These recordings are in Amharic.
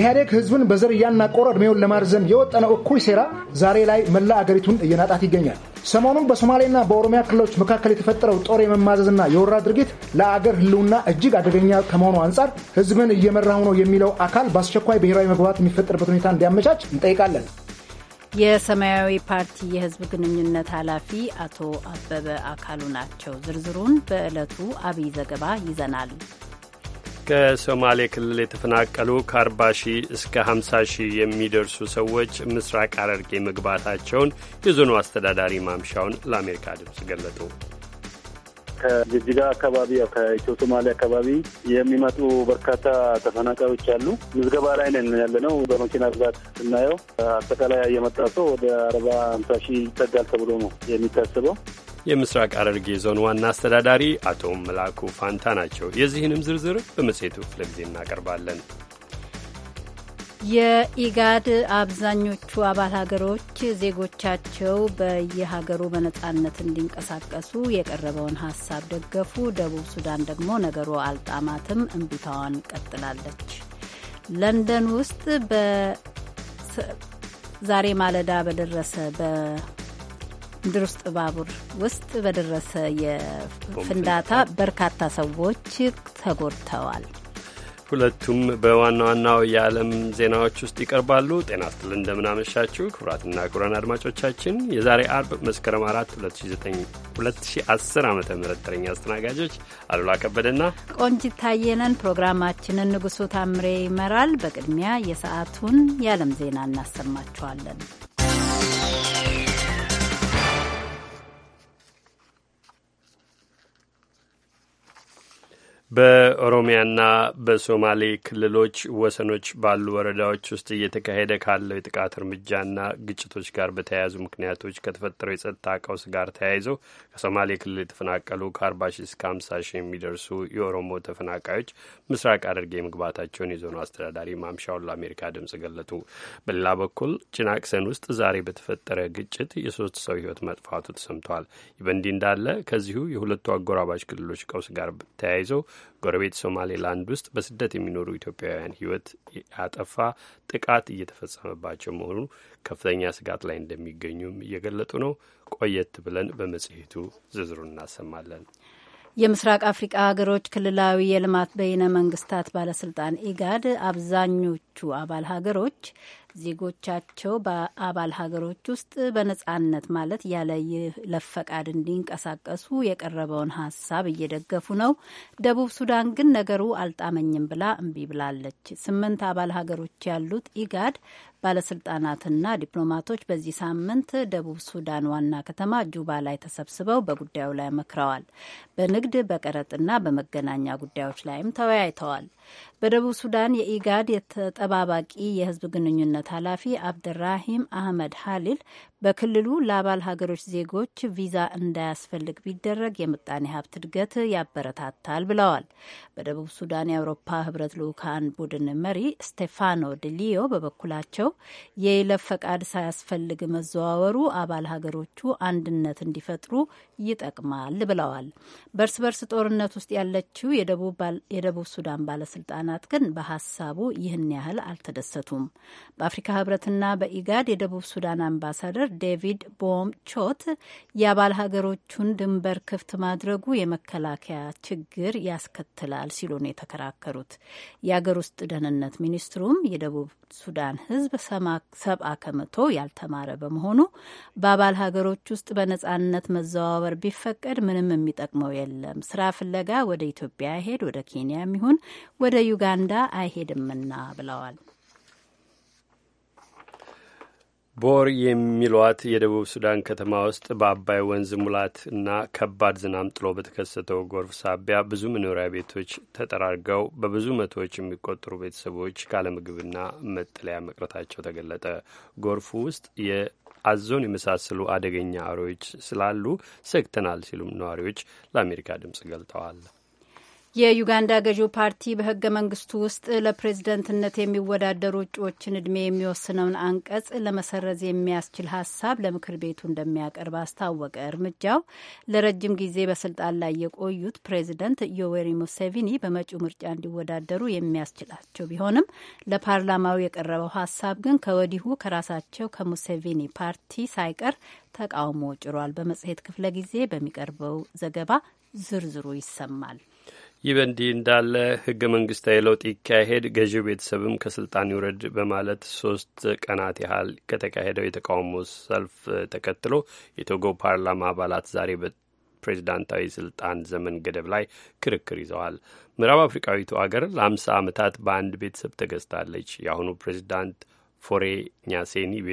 ኢህአዴግ ህዝብን በዘር እያናቆረ እድሜውን ለማርዘም የወጠነው እኩይ ሴራ ዛሬ ላይ መላ አገሪቱን እየናጣት ይገኛል። ሰሞኑን በሶማሌና በኦሮሚያ ክልሎች መካከል የተፈጠረው ጦር የመማዘዝና የወራ ድርጊት ለአገር ህልውና እጅግ አደገኛ ከመሆኑ አንጻር ህዝብን እየመራሁ ነው የሚለው አካል በአስቸኳይ ብሔራዊ መግባባት የሚፈጠርበት ሁኔታ እንዲያመቻች እንጠይቃለን። የሰማያዊ ፓርቲ የህዝብ ግንኙነት ኃላፊ አቶ አበበ አካሉ ናቸው። ዝርዝሩን በዕለቱ አብይ ዘገባ ይዘናል። ከሶማሌ ክልል የተፈናቀሉ ከ40 ሺህ እስከ 50 ሺህ የሚደርሱ ሰዎች ምስራቅ ሐረርጌ መግባታቸውን የዞኑ አስተዳዳሪ ማምሻውን ለአሜሪካ ድምፅ ገለጡ። ከጅጅጋ አካባቢ ያው ከኢትዮ ሶማሌ አካባቢ የሚመጡ በርካታ ተፈናቃዮች አሉ። ምዝገባ ላይ ነን ነው። በመኪና ብዛት ስናየው አጠቃላይ የመጣ ሰው ወደ አርባ ሃምሳ ሺህ ይጠጋል ተብሎ ነው የሚታስበው። የምስራቅ ሐረርጌ ዞን ዋና አስተዳዳሪ አቶ መላኩ ፋንታ ናቸው። የዚህንም ዝርዝር በመጽሔቱ ክፍለ ጊዜ እናቀርባለን። የኢጋድ አብዛኞቹ አባል ሀገሮች ዜጎቻቸው በየሀገሩ በነጻነት እንዲንቀሳቀሱ የቀረበውን ሀሳብ ደገፉ። ደቡብ ሱዳን ደግሞ ነገሩ አልጣማትም፣ እምቢታዋን ቀጥላለች። ለንደን ውስጥ በዛሬ ማለዳ በደረሰ በምድር ውስጥ ባቡር ውስጥ በደረሰ የፍንዳታ በርካታ ሰዎች ተጎድተዋል። ሁለቱም በዋና ዋናው የዓለም ዜናዎች ውስጥ ይቀርባሉ። ጤና ስትል እንደምናመሻችሁ ክቡራትና ክቡራን አድማጮቻችን የዛሬ አርብ መስከረም አራት 2010 ዓ ም ተረኛ አስተናጋጆች አሉላ ከበደና ቆንጂት ታየነን። ፕሮግራማችንን ንጉሱ ታምሬ ይመራል። በቅድሚያ የሰዓቱን የዓለም ዜና እናሰማችኋለን። በኦሮሚያና በሶማሌ ክልሎች ወሰኖች ባሉ ወረዳዎች ውስጥ እየተካሄደ ካለው የጥቃት እርምጃና ግጭቶች ጋር በተያያዙ ምክንያቶች ከተፈጠረው የጸጥታ ቀውስ ጋር ተያይዘው ከሶማሌ ክልል የተፈናቀሉ ከአርባ ሺህ እስከ ሀምሳ ሺህ የሚደርሱ የኦሮሞ ተፈናቃዮች ምስራቅ ሐረርጌ መግባታቸውን የዞኑ አስተዳዳሪ ማምሻውን ለአሜሪካ ድምጽ ገለጡ። በሌላ በኩል ጭናቅሰን ውስጥ ዛሬ በተፈጠረ ግጭት የሶስት ሰው ህይወት መጥፋቱ ተሰምቷል። ይህ በእንዲህ እንዳለ ከዚሁ የሁለቱ አጎራባች ክልሎች ቀውስ ጋር ተያይዘው ጎረቤት ሶማሌላንድ ውስጥ በስደት የሚኖሩ ኢትዮጵያውያን ሕይወት ያጠፋ ጥቃት እየተፈጸመባቸው መሆኑ ከፍተኛ ስጋት ላይ እንደሚገኙም እየገለጡ ነው። ቆየት ብለን በመጽሔቱ ዝርዝሩን እናሰማለን። የምስራቅ አፍሪቃ ሀገሮች ክልላዊ የልማት በይነ መንግስታት ባለስልጣን ኢጋድ አብዛኞቹ አባል ሀገሮች ዜጎቻቸው በአባል ሀገሮች ውስጥ በነጻነት ማለት ያለ ለፈቃድ እንዲንቀሳቀሱ የቀረበውን ሀሳብ እየደገፉ ነው። ደቡብ ሱዳን ግን ነገሩ አልጣመኝም ብላ እምቢ ብላለች። ስምንት አባል ሀገሮች ያሉት ኢጋድ ባለስልጣናትና ዲፕሎማቶች በዚህ ሳምንት ደቡብ ሱዳን ዋና ከተማ ጁባ ላይ ተሰብስበው በጉዳዩ ላይ መክረዋል። በንግድ በቀረጥና በመገናኛ ጉዳዮች ላይም ተወያይተዋል። በደቡብ ሱዳን የኢጋድ የተጠባባቂ የህዝብ ግንኙነት ግንኙነት ኃላፊ አብድራሂም አህመድ ሀሊል በክልሉ ለአባል ሀገሮች ዜጎች ቪዛ እንዳያስፈልግ ቢደረግ የምጣኔ ሀብት እድገት ያበረታታል ብለዋል። በደቡብ ሱዳን የአውሮፓ ህብረት ልዑካን ቡድን መሪ ስቴፋኖ ድሊዮ በበኩላቸው የይለፍ ፈቃድ ሳያስፈልግ መዘዋወሩ አባል ሀገሮቹ አንድነት እንዲፈጥሩ ይጠቅማል ብለዋል። በእርስ በርስ ጦርነት ውስጥ ያለችው የደቡብ ሱዳን ባለስልጣናት ግን በሀሳቡ ይህን ያህል አልተደሰቱም። በአፍሪካ ህብረትና በኢጋድ የደቡብ ሱዳን አምባሳደር ዴቪድ ቦም ቾት የአባል ሀገሮቹን ድንበር ክፍት ማድረጉ የመከላከያ ችግር ያስከትላል ሲሉ ነው የተከራከሩት። የአገር ውስጥ ደህንነት ሚኒስትሩም የደቡብ ሱዳን ሕዝብ ሰባ ከመቶ ያልተማረ በመሆኑ በአባል ሀገሮች ውስጥ በነጻነት መዘዋወር ቢፈቀድ ምንም የሚጠቅመው የለም፣ ስራ ፍለጋ ወደ ኢትዮጵያ አይሄድ፣ ወደ ኬንያም ይሁን ወደ ዩጋንዳ አይሄድምና ብለዋል። ቦር የሚሏት የደቡብ ሱዳን ከተማ ውስጥ በአባይ ወንዝ ሙላትና ከባድ ዝናብ ጥሎ በተከሰተው ጎርፍ ሳቢያ ብዙ መኖሪያ ቤቶች ተጠራርገው በብዙ መቶዎች የሚቆጠሩ ቤተሰቦች ካለምግብና መጠለያ መቅረታቸው ተገለጠ። ጎርፉ ውስጥ የአዞን የመሳሰሉ አደገኛ አሮዎች ስላሉ ሰግተናል ሲሉም ነዋሪዎች ለአሜሪካ ድምጽ ገልጠዋል። የዩጋንዳ ገዢው ፓርቲ በህገ መንግስቱ ውስጥ ለፕሬዝደንትነት የሚወዳደሩ እጩዎችን እድሜ የሚወስነውን አንቀጽ ለመሰረዝ የሚያስችል ሀሳብ ለምክር ቤቱ እንደሚያቀርብ አስታወቀ። እርምጃው ለረጅም ጊዜ በስልጣን ላይ የቆዩት ፕሬዝደንት ዮዌሪ ሙሴቪኒ በመጪው ምርጫ እንዲወዳደሩ የሚያስችላቸው ቢሆንም ለፓርላማው የቀረበው ሀሳብ ግን ከወዲሁ ከራሳቸው ከሙሴቪኒ ፓርቲ ሳይቀር ተቃውሞ ጭሯል። በመጽሔት ክፍለ ጊዜ በሚቀርበው ዘገባ ዝርዝሩ ይሰማል። ይህ በእንዲህ እንዳለ ህገ መንግስታዊ ለውጥ ይካሄድ ገዢው ቤተሰብም ከስልጣን ይውረድ በማለት ሶስት ቀናት ያህል ከተካሄደው የተቃውሞ ሰልፍ ተከትሎ የቶጎ ፓርላማ አባላት ዛሬ በፕሬዚዳንታዊ ስልጣን ዘመን ገደብ ላይ ክርክር ይዘዋል። ምዕራብ አፍሪካዊቱ አገር ለአምሳ ዓመታት በአንድ ቤተሰብ ተገዝታለች። የአሁኑ ፕሬዚዳንት ፎሬ ኛሴኒቤ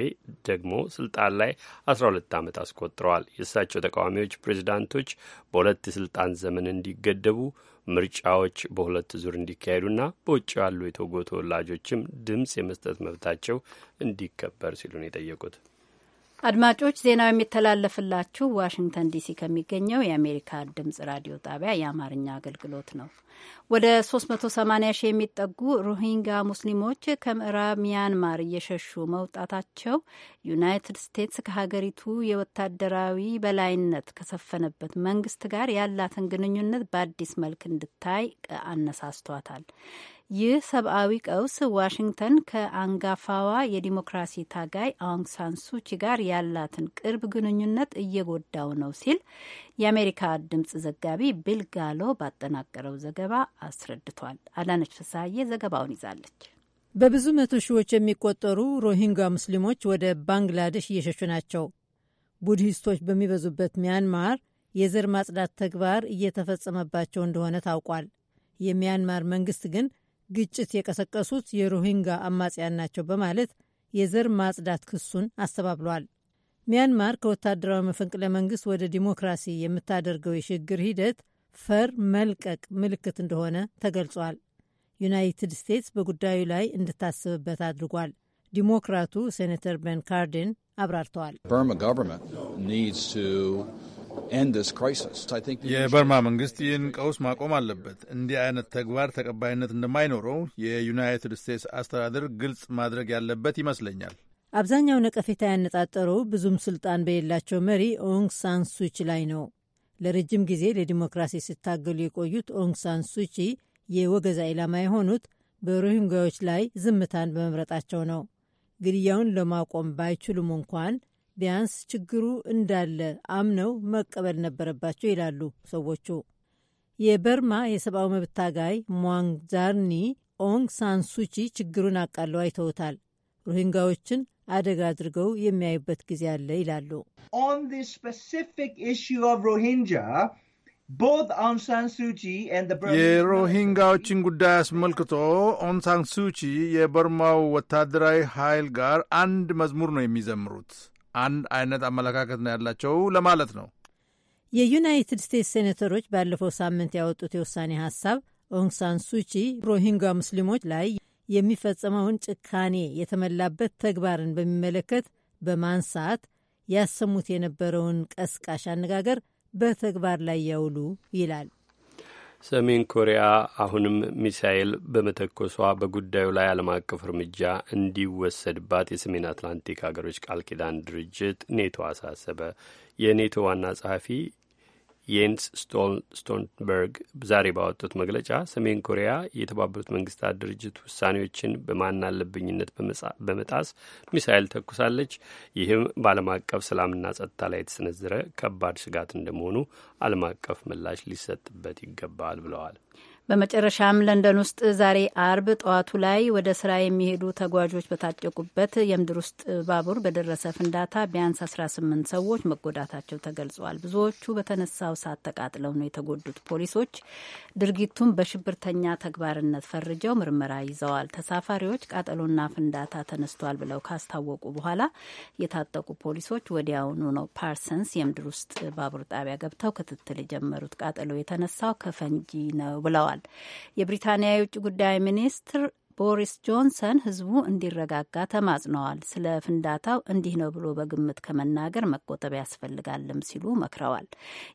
ደግሞ ስልጣን ላይ አስራ ሁለት ዓመት አስቆጥረዋል። የእሳቸው ተቃዋሚዎች ፕሬዚዳንቶች በሁለት የስልጣን ዘመን እንዲገደቡ ምርጫዎች በሁለት ዙር እንዲካሄዱና በውጭ ያሉ የቶጎ ተወላጆችም ድምፅ የመስጠት መብታቸው እንዲከበር ሲሉ ነው የጠየቁት። አድማጮች ዜናው የሚተላለፍላችሁ ዋሽንግተን ዲሲ ከሚገኘው የአሜሪካ ድምጽ ራዲዮ ጣቢያ የአማርኛ አገልግሎት ነው። ወደ 380 ሺህ የሚጠጉ ሮሂንጋ ሙስሊሞች ከምዕራብ ሚያንማር እየሸሹ መውጣታቸው ዩናይትድ ስቴትስ ከሀገሪቱ የወታደራዊ በላይነት ከሰፈነበት መንግስት ጋር ያላትን ግንኙነት በአዲስ መልክ እንድታይ አነሳስቷታል። ይህ ሰብአዊ ቀውስ ዋሽንግተን ከአንጋፋዋ የዲሞክራሲ ታጋይ አውንግ ሳንሱቺ ጋር ያላትን ቅርብ ግንኙነት እየጎዳው ነው ሲል የአሜሪካ ድምጽ ዘጋቢ ቢል ጋሎ ባጠናቀረው ዘገባ አስረድቷል። አዳነች ፍስሀዬ ዘገባውን ይዛለች። በብዙ መቶ ሺዎች የሚቆጠሩ ሮሂንጋ ሙስሊሞች ወደ ባንግላዴሽ እየሸሹ ናቸው። ቡድሂስቶች በሚበዙበት ሚያንማር የዘር ማጽዳት ተግባር እየተፈጸመባቸው እንደሆነ ታውቋል። የሚያንማር መንግስት ግን ግጭት የቀሰቀሱት የሮሂንጋ አማጽያን ናቸው በማለት የዘር ማጽዳት ክሱን አስተባብሏል። ሚያንማር ከወታደራዊ መፈንቅለ መንግስት ወደ ዲሞክራሲ የምታደርገው የሽግግር ሂደት ፈር መልቀቅ ምልክት እንደሆነ ተገልጿል። ዩናይትድ ስቴትስ በጉዳዩ ላይ እንድታስብበት አድርጓል። ዲሞክራቱ ሴኔተር ቤን ካርዲን አብራርተዋል። የበርማ መንግስት ይህን ቀውስ ማቆም አለበት። እንዲህ አይነት ተግባር ተቀባይነት እንደማይኖረው የዩናይትድ ስቴትስ አስተዳደር ግልጽ ማድረግ ያለበት ይመስለኛል። አብዛኛው ነቀፌታ ያነጣጠረው ብዙም ስልጣን በሌላቸው መሪ ኦንግ ሳን ሱቺ ላይ ነው። ለረጅም ጊዜ ለዲሞክራሲ ሲታገሉ የቆዩት ኦንግ ሳን ሱቺ የወገዛ ኢላማ የሆኑት በሮሂንጋዎች ላይ ዝምታን በመምረጣቸው ነው። ግድያውን ለማቆም ባይችሉም እንኳን ቢያንስ ችግሩ እንዳለ አምነው መቀበል ነበረባቸው ይላሉ ሰዎቹ። የበርማ የሰብአዊ መብት ታጋይ ሟንግዛርኒ ኦንግ ሳንሱቺ ችግሩን አቃለው አይተውታል። ሮሂንጋዎችን አደጋ አድርገው የሚያዩበት ጊዜ አለ ይላሉ። የሮሂንጋዎችን ጉዳይ አስመልክቶ ኦንሳንሱቺ የበርማው ወታደራዊ ኃይል ጋር አንድ መዝሙር ነው የሚዘምሩት። አንድ አይነት አመለካከት ነው ያላቸው ለማለት ነው። የዩናይትድ ስቴትስ ሴኔተሮች ባለፈው ሳምንት ያወጡት የውሳኔ ሀሳብ ኦንግሳን ሱቺ ሮሂንጋ ሙስሊሞች ላይ የሚፈጸመውን ጭካኔ የተመላበት ተግባርን በሚመለከት በማንሳት ያሰሙት የነበረውን ቀስቃሽ አነጋገር በተግባር ላይ ያውሉ ይላል። ሰሜን ኮሪያ አሁንም ሚሳኤል በመተኮሷ በጉዳዩ ላይ ዓለም አቀፍ እርምጃ እንዲወሰድባት የሰሜን አትላንቲክ ሀገሮች ቃል ኪዳን ድርጅት ኔቶ አሳሰበ። የኔቶ ዋና ጸሐፊ የንስ ስቶልተንበርግ ዛሬ ባወጡት መግለጫ ሰሜን ኮሪያ የተባበሩት መንግስታት ድርጅት ውሳኔዎችን በማናለብኝነት በመጣስ ሚሳይል ተኩሳለች፣ ይህም በዓለም አቀፍ ሰላምና ጸጥታ ላይ የተሰነዘረ ከባድ ስጋት እንደመሆኑ ዓለም አቀፍ ምላሽ ሊሰጥበት ይገባል ብለዋል። በመጨረሻም ለንደን ውስጥ ዛሬ አርብ ጠዋቱ ላይ ወደ ስራ የሚሄዱ ተጓዦች በታጨቁበት የምድር ውስጥ ባቡር በደረሰ ፍንዳታ ቢያንስ 18 ሰዎች መጎዳታቸው ተገልጿል። ብዙዎቹ በተነሳው እሳት ተቃጥለው ነው የተጎዱት። ፖሊሶች ድርጊቱን በሽብርተኛ ተግባርነት ፈርጀው ምርመራ ይዘዋል። ተሳፋሪዎች ቃጠሎና ፍንዳታ ተነስቷል ብለው ካስታወቁ በኋላ የታጠቁ ፖሊሶች ወዲያውኑ ነው ፓርሰንስ የምድር ውስጥ ባቡር ጣቢያ ገብተው ክትትል የጀመሩት። ቃጠሎ የተነሳው ከፈንጂ ነው ብለዋል። ብለዋል። የብሪታንያ የውጭ ጉዳይ ሚኒስትር ቦሪስ ጆንሰን ህዝቡ እንዲረጋጋ ተማጽነዋል። ስለ ፍንዳታው እንዲህ ነው ብሎ በግምት ከመናገር መቆጠብ ያስፈልጋልም ሲሉ መክረዋል።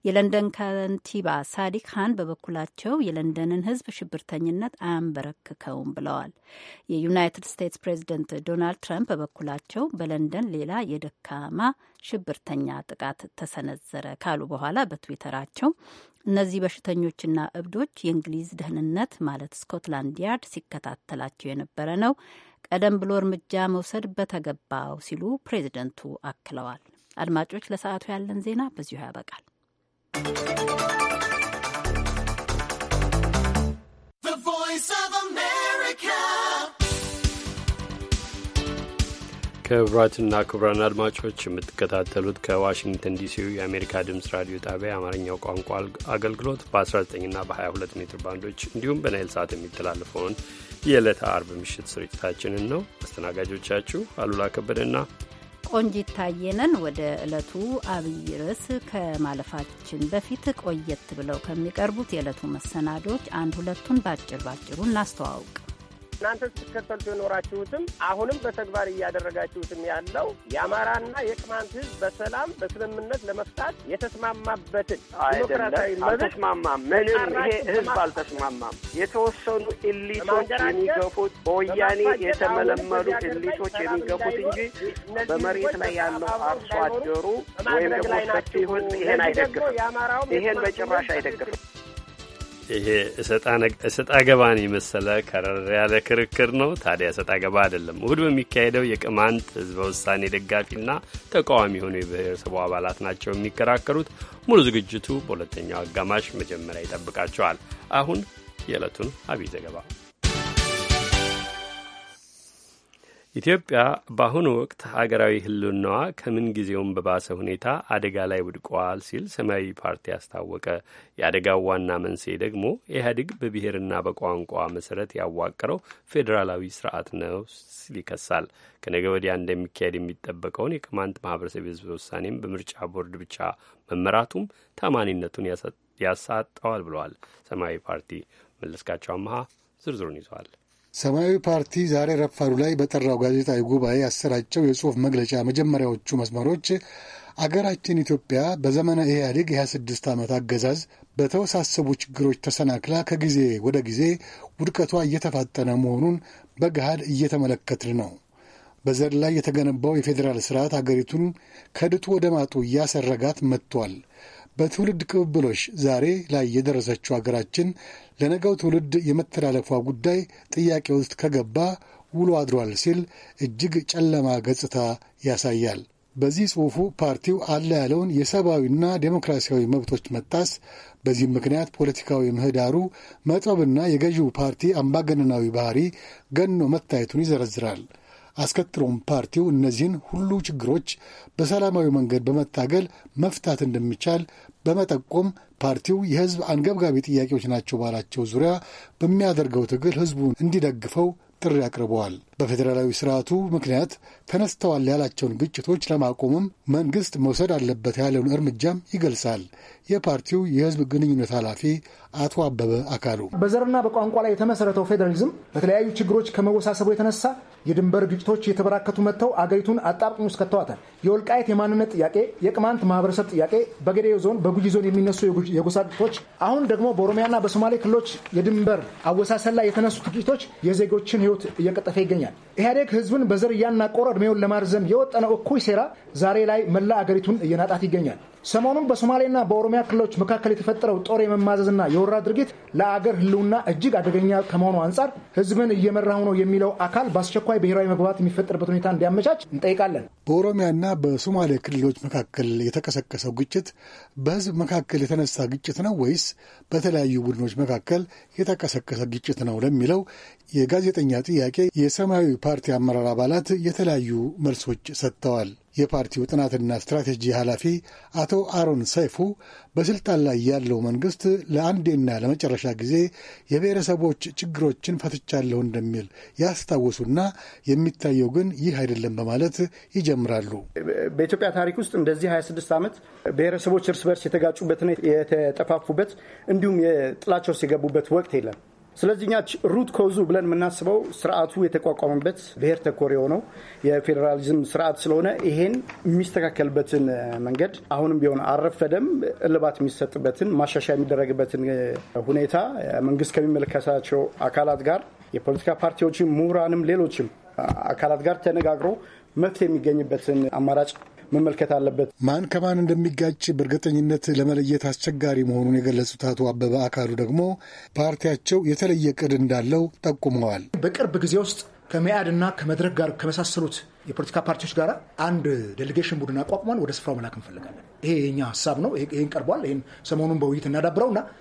የለንደን ከንቲባ ሳዲክ ሃን በበኩላቸው የለንደንን ህዝብ ሽብርተኝነት አያንበረክከውም ብለዋል። የዩናይትድ ስቴትስ ፕሬዚደንት ዶናልድ ትራምፕ በበኩላቸው በለንደን ሌላ የደካማ ሽብርተኛ ጥቃት ተሰነዘረ ካሉ በኋላ በትዊተራቸው እነዚህ በሽተኞችና እብዶች የእንግሊዝ ደህንነት ማለት ስኮትላንድ ያርድ ሲከታተላቸው የነበረ ነው። ቀደም ብሎ እርምጃ መውሰድ በተገባው ሲሉ ፕሬዚደንቱ አክለዋል። አድማጮች፣ ለሰዓቱ ያለን ዜና በዚሁ ያበቃል። ክቡራትና ክቡራን አድማጮች የምትከታተሉት ከዋሽንግተን ዲሲው የአሜሪካ ድምፅ ራዲዮ ጣቢያ የአማርኛው ቋንቋ አገልግሎት በ19ና በ22 ሜትር ባንዶች እንዲሁም በናይል ሰዓት የሚተላለፈውን የዕለተ አርብ ምሽት ስርጭታችንን ነው። አስተናጋጆቻችሁ አሉላ ከበደና ቆንጂት ታየነን። ወደ ዕለቱ አብይ ርዕስ ከማለፋችን በፊት ቆየት ብለው ከሚቀርቡት የዕለቱ መሰናዶች አንድ ሁለቱን ባጭር ባጭሩ እናስተዋውቅ። እናንተ ስትከተሉት የኖራችሁትም አሁንም በተግባር እያደረጋችሁትም ያለው የአማራና የቅማንት ህዝብ በሰላም በስምምነት ለመፍታት የተስማማበትን ዲሞክራሲያዊ አልተስማማም። ምንም ይሄ ህዝብ አልተስማማም። የተወሰኑ ኢሊቶች የሚገፉት በወያኔ የተመለመሉ ኢሊቶች የሚገፉት እንጂ በመሬት ላይ ያለው አርሶ አደሩ ወይም ደግሞ ሰፊ ህዝብ ይሄን አይደግፍም። ይሄን በጭራሽ አይደግፍም። ይሄ እሰጣ ገባን የመሰለ ከረር ያለ ክርክር ነው። ታዲያ እሰጣ ገባ አይደለም። እሁድ በሚካሄደው የቅማንት ህዝበ ውሳኔ ደጋፊና ተቃዋሚ የሆኑ የብሔረሰቡ አባላት ናቸው የሚከራከሩት። ሙሉ ዝግጅቱ በሁለተኛው አጋማሽ መጀመሪያ ይጠብቃቸዋል። አሁን የዕለቱን አብይ ዘገባ ኢትዮጵያ በአሁኑ ወቅት ሀገራዊ ህልናዋ ከምን ጊዜውም በባሰ ሁኔታ አደጋ ላይ ውድቀዋል ሲል ሰማያዊ ፓርቲ አስታወቀ። የአደጋው ዋና መንስኤ ደግሞ ኢህአዴግ በብሔርና በቋንቋ መሰረት ያዋቀረው ፌዴራላዊ ስርዓት ነው ሲል ይከሳል። ከነገ ወዲያ እንደሚካሄድ የሚጠበቀውን የቅማንት ማህበረሰብ የህዝብ ውሳኔም በምርጫ ቦርድ ብቻ መመራቱም ታማኒነቱን ያሳጠዋል ብለዋል ሰማያዊ ፓርቲ። መለስካቸው አመሃ ዝርዝሩን ይዘዋል። ሰማያዊ ፓርቲ ዛሬ ረፋዱ ላይ በጠራው ጋዜጣዊ ጉባኤ ያሰራጨው የጽሑፍ መግለጫ መጀመሪያዎቹ መስመሮች አገራችን ኢትዮጵያ በዘመነ ኢህአዴግ የ26 ዓመት አገዛዝ በተወሳሰቡ ችግሮች ተሰናክላ ከጊዜ ወደ ጊዜ ውድቀቷ እየተፋጠነ መሆኑን በገሃድ እየተመለከትን ነው። በዘር ላይ የተገነባው የፌዴራል ስርዓት አገሪቱን ከድጡ ወደ ማጡ እያሰረጋት መጥቷል። በትውልድ ቅብብሎሽ ዛሬ ላይ የደረሰችው አገራችን ለነገው ትውልድ የመተላለፏ ጉዳይ ጥያቄ ውስጥ ከገባ ውሎ አድሯል ሲል እጅግ ጨለማ ገጽታ ያሳያል። በዚህ ጽሑፉ ፓርቲው አለ ያለውን የሰብአዊና ዴሞክራሲያዊ መብቶች መጣስ፣ በዚህም ምክንያት ፖለቲካዊ ምህዳሩ መጥበብና የገዢው ፓርቲ አምባገነናዊ ባህሪ ገኖ መታየቱን ይዘረዝራል። አስከትሎም ፓርቲው እነዚህን ሁሉ ችግሮች በሰላማዊ መንገድ በመታገል መፍታት እንደሚቻል በመጠቆም ፓርቲው የህዝብ አንገብጋቢ ጥያቄዎች ናቸው ባላቸው ዙሪያ በሚያደርገው ትግል ህዝቡን እንዲደግፈው ጥሪ አቅርበዋል። በፌዴራላዊ ስርዓቱ ምክንያት ተነስተዋል ያላቸውን ግጭቶች ለማቆምም መንግስት መውሰድ አለበት ያለውን እርምጃም ይገልጻል። የፓርቲው የህዝብ ግንኙነት ኃላፊ አቶ አበበ አካሉ በዘርና በቋንቋ ላይ የተመሰረተው ፌዴራሊዝም በተለያዩ ችግሮች ከመወሳሰቡ የተነሳ የድንበር ግጭቶች እየተበራከቱ መጥተው አገሪቱን አጣብቅኝ ውስጥ ከተዋታል። የወልቃየት የማንነት ጥያቄ፣ የቅማንት ማህበረሰብ ጥያቄ፣ በገዴ ዞን፣ በጉጂ ዞን የሚነሱ የጎሳ ግጭቶች፣ አሁን ደግሞ በኦሮሚያና በሶማሌ ክልሎች የድንበር አወሳሰል ላይ የተነሱት ግጭቶች የዜጎችን ህይወት እየቀጠፈ ይገኛል። ይገኛል። ኢህአዴግ ህዝብን በዘር እያናቆረ እድሜውን ለማርዘም የወጠነው እኩይ ሴራ ዛሬ ላይ መላ አገሪቱን እየናጣት ይገኛል። ሰሞኑን በሶማሌና በኦሮሚያ ክልሎች መካከል የተፈጠረው ጦር የመማዘዝና የወራ ድርጊት ለአገር ሕልውና እጅግ አደገኛ ከመሆኑ አንጻር ሕዝብን እየመራሁ ነው የሚለው አካል በአስቸኳይ ብሔራዊ መግባባት የሚፈጠርበት ሁኔታ እንዲያመቻች እንጠይቃለን። በኦሮሚያና በሶማሌ ክልሎች መካከል የተቀሰቀሰው ግጭት በሕዝብ መካከል የተነሳ ግጭት ነው ወይስ በተለያዩ ቡድኖች መካከል የተቀሰቀሰ ግጭት ነው ለሚለው የጋዜጠኛ ጥያቄ የሰማያዊ ፓርቲ አመራር አባላት የተለያዩ መልሶች ሰጥተዋል። የፓርቲው ጥናትና ስትራቴጂ ኃላፊ አቶ አሮን ሰይፉ በስልጣን ላይ ያለው መንግስት ለአንዴና ለመጨረሻ ጊዜ የብሔረሰቦች ችግሮችን ፈትቻለሁ እንደሚል ያስታውሱና የሚታየው ግን ይህ አይደለም በማለት ይጀምራሉ። በኢትዮጵያ ታሪክ ውስጥ እንደዚህ 26 ዓመት ብሔረሰቦች እርስ በርስ የተጋጩበትና የተጠፋፉበት እንዲሁም የጥላቸው ሲገቡበት የገቡበት ወቅት የለም። ስለዚህ እኛ ሩት ኮዙ ብለን የምናስበው ስርዓቱ የተቋቋመበት ብሔር ተኮር የሆነው የፌዴራሊዝም ስርዓት ስለሆነ ይሄን የሚስተካከልበትን መንገድ አሁንም ቢሆን አረፈደም እልባት የሚሰጥበትን ማሻሻያ የሚደረግበትን ሁኔታ መንግስት ከሚመለከታቸው አካላት ጋር የፖለቲካ ፓርቲዎችም ምሁራንም ሌሎችም አካላት ጋር ተነጋግሮ መፍትሄ የሚገኝበትን አማራጭ መመልከት አለበት። ማን ከማን እንደሚጋጭ በእርግጠኝነት ለመለየት አስቸጋሪ መሆኑን የገለጹት አቶ አበበ አካሉ ደግሞ ፓርቲያቸው የተለየ ቅድ እንዳለው ጠቁመዋል። በቅርብ ጊዜ ውስጥ ከመያድና ከመድረክ ጋር ከመሳሰሉት የፖለቲካ ፓርቲዎች ጋር አንድ ዴሌጌሽን ቡድን አቋቁመን ወደ ስፍራው መላክ እንፈልጋለን። ይሄ የኛ ሀሳብ ነው። ይህን ቀርቧል። ይህን ሰሞኑን በውይይት እና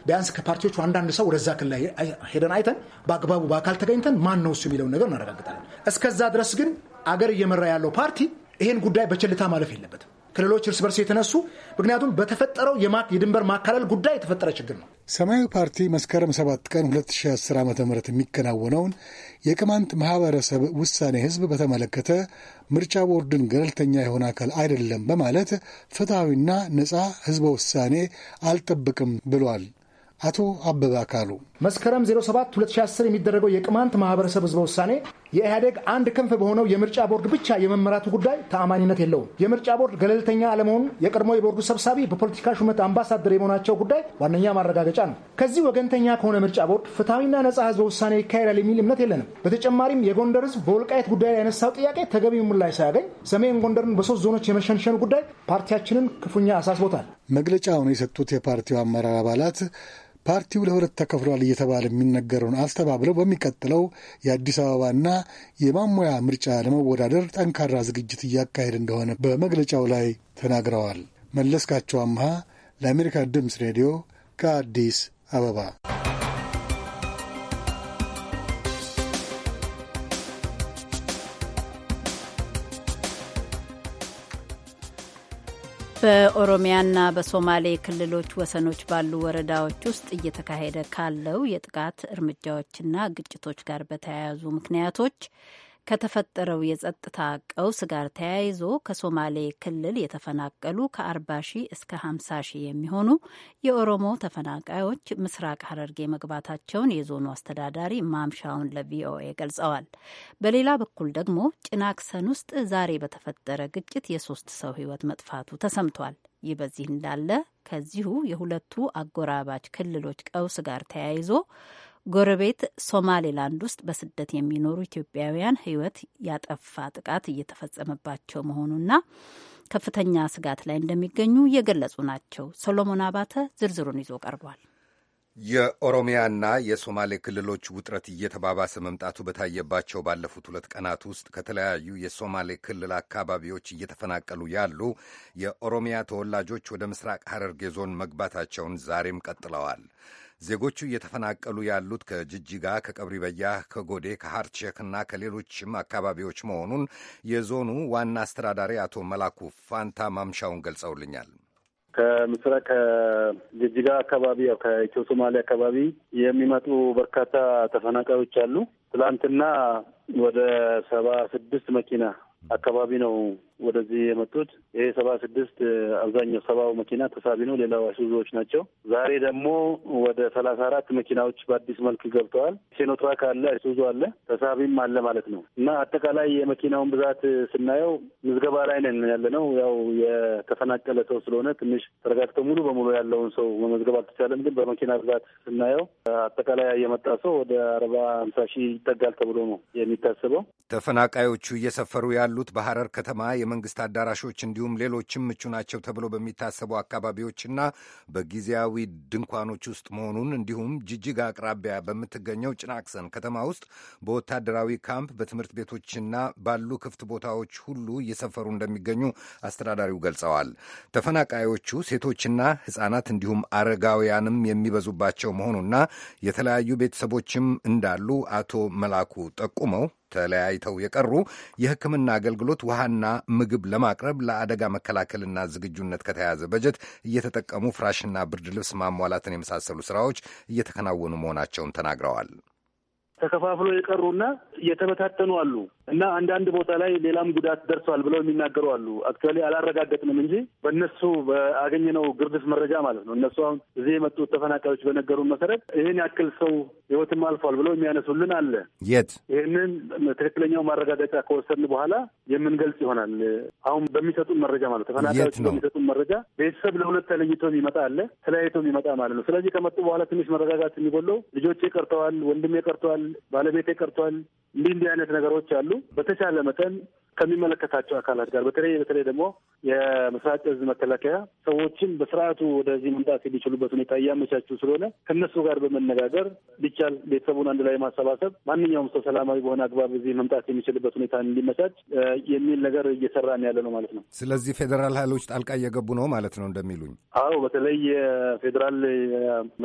ቢያንስ ከፓርቲዎቹ አንዳንድ ሰው ወደዛ ክልል ላይ ሄደን አይተን በአግባቡ በአካል ተገኝተን ማን ነው እሱ የሚለውን ነገር እናረጋግጣለን። እስከዛ ድረስ ግን አገር እየመራ ያለው ፓርቲ ይህን ጉዳይ በቸልታ ማለፍ የለበትም። ክልሎች እርስ በርስ የተነሱ ምክንያቱም በተፈጠረው የድንበር ማካለል ጉዳይ የተፈጠረ ችግር ነው። ሰማያዊ ፓርቲ መስከረም 7 ቀን 2010 ዓ ም የሚከናወነውን የቅማንት ማህበረሰብ ውሳኔ ህዝብ በተመለከተ ምርጫ ቦርድን ገለልተኛ የሆነ አካል አይደለም በማለት ፍትሐዊና ነፃ ህዝበ ውሳኔ አልጠብቅም ብሏል። አቶ አበበ አካሉ መስከረም 07 2010 የሚደረገው የቅማንት ማህበረሰብ ህዝበ ውሳኔ የኢህአዴግ አንድ ክንፍ በሆነው የምርጫ ቦርድ ብቻ የመመራቱ ጉዳይ ተአማኒነት የለውም። የምርጫ ቦርድ ገለልተኛ አለመሆኑ የቀድሞ የቦርዱ ሰብሳቢ በፖለቲካ ሹመት አምባሳደር የመሆናቸው ጉዳይ ዋነኛ ማረጋገጫ ነው። ከዚህ ወገንተኛ ከሆነ ምርጫ ቦርድ ፍትሐዊና ነጻ ህዝበ ውሳኔ ይካሄዳል የሚል እምነት የለንም። በተጨማሪም የጎንደር ህዝብ በወልቃየት ጉዳይ ላይ ያነሳው ጥያቄ ተገቢ ምላሽ ሳያገኝ ሰሜን ጎንደርን በሶስት ዞኖች የመሸንሸኑ ጉዳይ ፓርቲያችንን ክፉኛ አሳስቦታል። መግለጫውን የሰጡት የፓርቲው አመራር አባላት ፓርቲው ለሁለት ተከፍሏል እየተባለ የሚነገረውን አስተባብለው በሚቀጥለው የአዲስ አበባና የማሞያ ምርጫ ለመወዳደር ጠንካራ ዝግጅት እያካሄደ እንደሆነ በመግለጫው ላይ ተናግረዋል። መለስካቸው አምሃ ለአሜሪካ ድምፅ ሬዲዮ ከአዲስ አበባ በኦሮሚያና በሶማሌ ክልሎች ወሰኖች ባሉ ወረዳዎች ውስጥ እየተካሄደ ካለው የጥቃት እርምጃዎችና ግጭቶች ጋር በተያያዙ ምክንያቶች ከተፈጠረው የጸጥታ ቀውስ ጋር ተያይዞ ከሶማሌ ክልል የተፈናቀሉ ከ40 ሺህ እስከ 50 ሺህ የሚሆኑ የኦሮሞ ተፈናቃዮች ምስራቅ ሀረርጌ መግባታቸውን የዞኑ አስተዳዳሪ ማምሻውን ለቪኦኤ ገልጸዋል። በሌላ በኩል ደግሞ ጭናክሰን ውስጥ ዛሬ በተፈጠረ ግጭት የሶስት ሰው ሕይወት መጥፋቱ ተሰምቷል። ይህ በዚህ እንዳለ ከዚሁ የሁለቱ አጎራባች ክልሎች ቀውስ ጋር ተያይዞ ጎረቤት ሶማሌላንድ ውስጥ በስደት የሚኖሩ ኢትዮጵያውያን ሕይወት ያጠፋ ጥቃት እየተፈጸመባቸው መሆኑና ከፍተኛ ስጋት ላይ እንደሚገኙ እየገለጹ ናቸው። ሶሎሞን አባተ ዝርዝሩን ይዞ ቀርቧል። የኦሮሚያና የሶማሌ ክልሎች ውጥረት እየተባባሰ መምጣቱ በታየባቸው ባለፉት ሁለት ቀናት ውስጥ ከተለያዩ የሶማሌ ክልል አካባቢዎች እየተፈናቀሉ ያሉ የኦሮሚያ ተወላጆች ወደ ምስራቅ ሐረርጌ ዞን መግባታቸውን ዛሬም ቀጥለዋል። ዜጎቹ እየተፈናቀሉ ያሉት ከጅጅጋ፣ ከቀብሪ በያ፣ ከጎዴ፣ እና ከሌሎችም አካባቢዎች መሆኑን የዞኑ ዋና አስተዳዳሪ አቶ መላኩ ፋንታ ማምሻውን ገልጸውልኛል። ከምስራቅ ከጅጅጋ አካባቢ ያው ከኢትዮ ሶማሌ አካባቢ የሚመጡ በርካታ ተፈናቃዮች አሉ። ትላንትና ወደ ሰባ ስድስት መኪና አካባቢ ነው ወደዚህ የመጡት። ይሄ ሰባ ስድስት አብዛኛው ሰባው መኪና ተሳቢ ነው፣ ሌላው አይሱዞዎች ናቸው። ዛሬ ደግሞ ወደ ሰላሳ አራት መኪናዎች በአዲስ መልክ ገብተዋል። ሴኖትራክ አለ፣ አይሱዞ አለ፣ ተሳቢም አለ ማለት ነው እና አጠቃላይ የመኪናውን ብዛት ስናየው ምዝገባ ላይ ነን ያለ ነው። ያው የተፈናቀለ ሰው ስለሆነ ትንሽ ተረጋግተው ሙሉ በሙሉ ያለውን ሰው መመዝገብ አልተቻለም። ግን በመኪና ብዛት ስናየው አጠቃላይ የመጣ ሰው ወደ አርባ ሃምሳ ሺህ ይጠጋል ተብሎ ነው የሚታስበው። ተፈናቃዮቹ እየሰፈሩ ያሉት በሀረር ከተማ የመንግስት አዳራሾች እንዲሁም ሌሎችም ምቹ ናቸው ተብሎ በሚታሰቡ አካባቢዎችና በጊዜያዊ ድንኳኖች ውስጥ መሆኑን እንዲሁም ጅጅጋ አቅራቢያ በምትገኘው ጭናክሰን ከተማ ውስጥ በወታደራዊ ካምፕ በትምህርት ቤቶችና ባሉ ክፍት ቦታዎች ሁሉ እየሰፈሩ እንደሚገኙ አስተዳዳሪው ገልጸዋል። ተፈናቃዮቹ ሴቶችና ሕጻናት እንዲሁም አረጋውያንም የሚበዙባቸው መሆኑና የተለያዩ ቤተሰቦችም እንዳሉ አቶ መላኩ ጠቁመው ተለያይተው የቀሩ የሕክምና አገልግሎት ውሃና ምግብ ለማቅረብ ለአደጋ መከላከልና ዝግጁነት ከተያዘ በጀት እየተጠቀሙ ፍራሽና ብርድ ልብስ ማሟላትን የመሳሰሉ ስራዎች እየተከናወኑ መሆናቸውን ተናግረዋል። ተከፋፍሎ የቀሩና የተበታተኑ አሉ እና አንዳንድ ቦታ ላይ ሌላም ጉዳት ደርሷል ብለው የሚናገሩ አሉ። አክቹዋሊ አላረጋገጥንም እንጂ በእነሱ በአገኘነው ግርድፍ መረጃ ማለት ነው። እነሱ አሁን እዚህ የመጡት ተፈናቃዮች በነገሩን መሰረት ይህን ያክል ሰው ህይወትም አልፏል ብለው የሚያነሱልን አለ። የት ይህንን ትክክለኛው ማረጋገጫ ከወሰድን በኋላ የምንገልጽ ይሆናል። አሁን በሚሰጡን መረጃ ማለት ተፈናቃዮች በሚሰጡን መረጃ ቤተሰብ ለሁለት ተለይቶ የሚመጣ አለ፣ ተለያይቶ የሚመጣ ማለት ነው። ስለዚህ ከመጡ በኋላ ትንሽ መረጋጋት የሚጎለው ልጆቼ ቀርተዋል፣ ወንድሜ ቀርተዋል ቀርቷል፣ ባለቤቴ ቀርቷል፣ እንዲህ እንዲህ አይነት ነገሮች አሉ። በተቻለ መጠን ከሚመለከታቸው አካላት ጋር በተለይ በተለይ ደግሞ የምስራቅ እዝ መከላከያ ሰዎችን በስርዓቱ ወደዚህ መምጣት የሚችሉበት ሁኔታ እያመቻቹ ስለሆነ ከነሱ ጋር በመነጋገር ቢቻል ቤተሰቡን አንድ ላይ ማሰባሰብ ማንኛውም ሰው ሰላማዊ በሆነ አግባብ እዚህ መምጣት የሚችልበት ሁኔታ እንዲመቻች የሚል ነገር እየሰራን ያለ ነው ማለት ነው። ስለዚህ ፌዴራል ኃይሎች ጣልቃ እየገቡ ነው ማለት ነው እንደሚሉኝ? አዎ፣ በተለይ የፌዴራል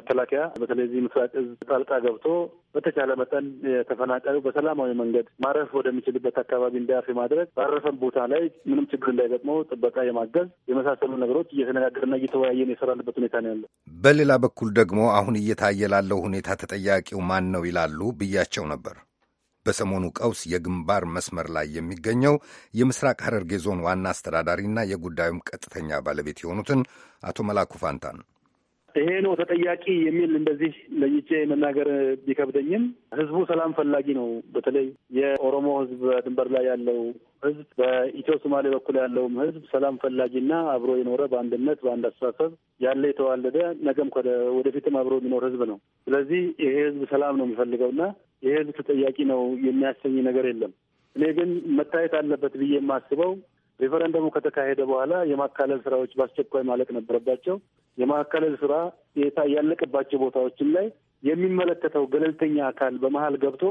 መከላከያ በተለይ እዚህ ምስራቅ እዝ ጣልቃ ገብቶ በተቻለ መጠን ተፈናቃዩ በሰላማዊ መንገድ ማረፍ ወደሚችልበት አካባቢ እንዳያርፍ ማድረግ በማለት ባረፈን ቦታ ላይ ምንም ችግር እንዳይገጥመው ጥበቃ የማገዝ የመሳሰሉ ነገሮች እየተነጋገርና እየተወያየን የሰራንበት ሁኔታ ነው ያለው። በሌላ በኩል ደግሞ አሁን እየታየ ላለው ሁኔታ ተጠያቂው ማን ነው ይላሉ ብያቸው ነበር። በሰሞኑ ቀውስ የግንባር መስመር ላይ የሚገኘው የምስራቅ ሐረርጌ ዞን ዋና አስተዳዳሪና የጉዳዩም ቀጥተኛ ባለቤት የሆኑትን አቶ መላኩ ፋንታን ይሄ ነው ተጠያቂ የሚል እንደዚህ ለይቼ መናገር ቢከብደኝም ህዝቡ ሰላም ፈላጊ ነው። በተለይ የኦሮሞ ህዝብ በድንበር ላይ ያለው ህዝብ በኢትዮ ሶማሌ በኩል ያለውም ህዝብ ሰላም ፈላጊና አብሮ የኖረ በአንድነት በአንድ አስተሳሰብ ያለ የተዋለደ ነገም ወደፊትም አብሮ የሚኖር ህዝብ ነው። ስለዚህ ይሄ ህዝብ ሰላም ነው የሚፈልገውና ይሄ ህዝብ ተጠያቂ ነው የሚያሰኝ ነገር የለም። እኔ ግን መታየት አለበት ብዬ የማስበው ሪፈረንደሙ ከተካሄደ በኋላ የማካለል ስራዎች በአስቸኳይ ማለቅ ነበረባቸው። የማካለል ስራ ያለቀባቸው ቦታዎችም ላይ የሚመለከተው ገለልተኛ አካል በመሀል ገብቶ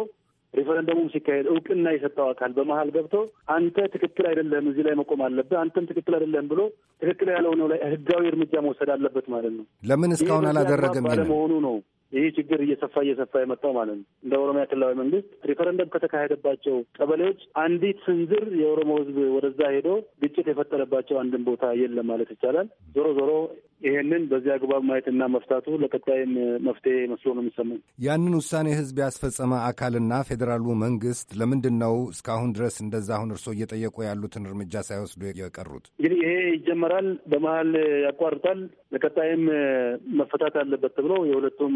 ሪፈረንደሙም ሲካሄድ እውቅና የሰጠው አካል በመሀል ገብቶ አንተ ትክክል አይደለም እዚህ ላይ መቆም አለብህ፣ አንተም ትክክል አይደለም ብሎ ትክክል ያልሆነው ላይ ህጋዊ እርምጃ መውሰድ አለበት ማለት ነው። ለምን እስካሁን አላደረገም ባለመሆኑ ነው ይህ ችግር እየሰፋ እየሰፋ የመጣው ማለት ነው። እንደ ኦሮሚያ ክልላዊ መንግስት ሪፈረንደም ከተካሄደባቸው ቀበሌዎች አንዲት ስንዝር የኦሮሞ ህዝብ ወደዛ ሄዶ ግጭት የፈጠረባቸው አንድን ቦታ የለም ማለት ይቻላል። ዞሮ ዞሮ ይሄንን በዚህ አግባብ ማየትና መፍታቱ ለቀጣይም መፍትሄ መስሎ ነው የሚሰማኝ። ያንን ውሳኔ ህዝብ ያስፈጸመ አካልና ፌዴራሉ መንግስት ለምንድን ነው እስካሁን ድረስ እንደዛ አሁን እርስዎ እየጠየቁ ያሉትን እርምጃ ሳይወስዱ የቀሩት? እንግዲህ ይሄ ይጀመራል፣ በመሀል ያቋርጣል፣ ለቀጣይም መፈታት አለበት ተብሎ የሁለቱም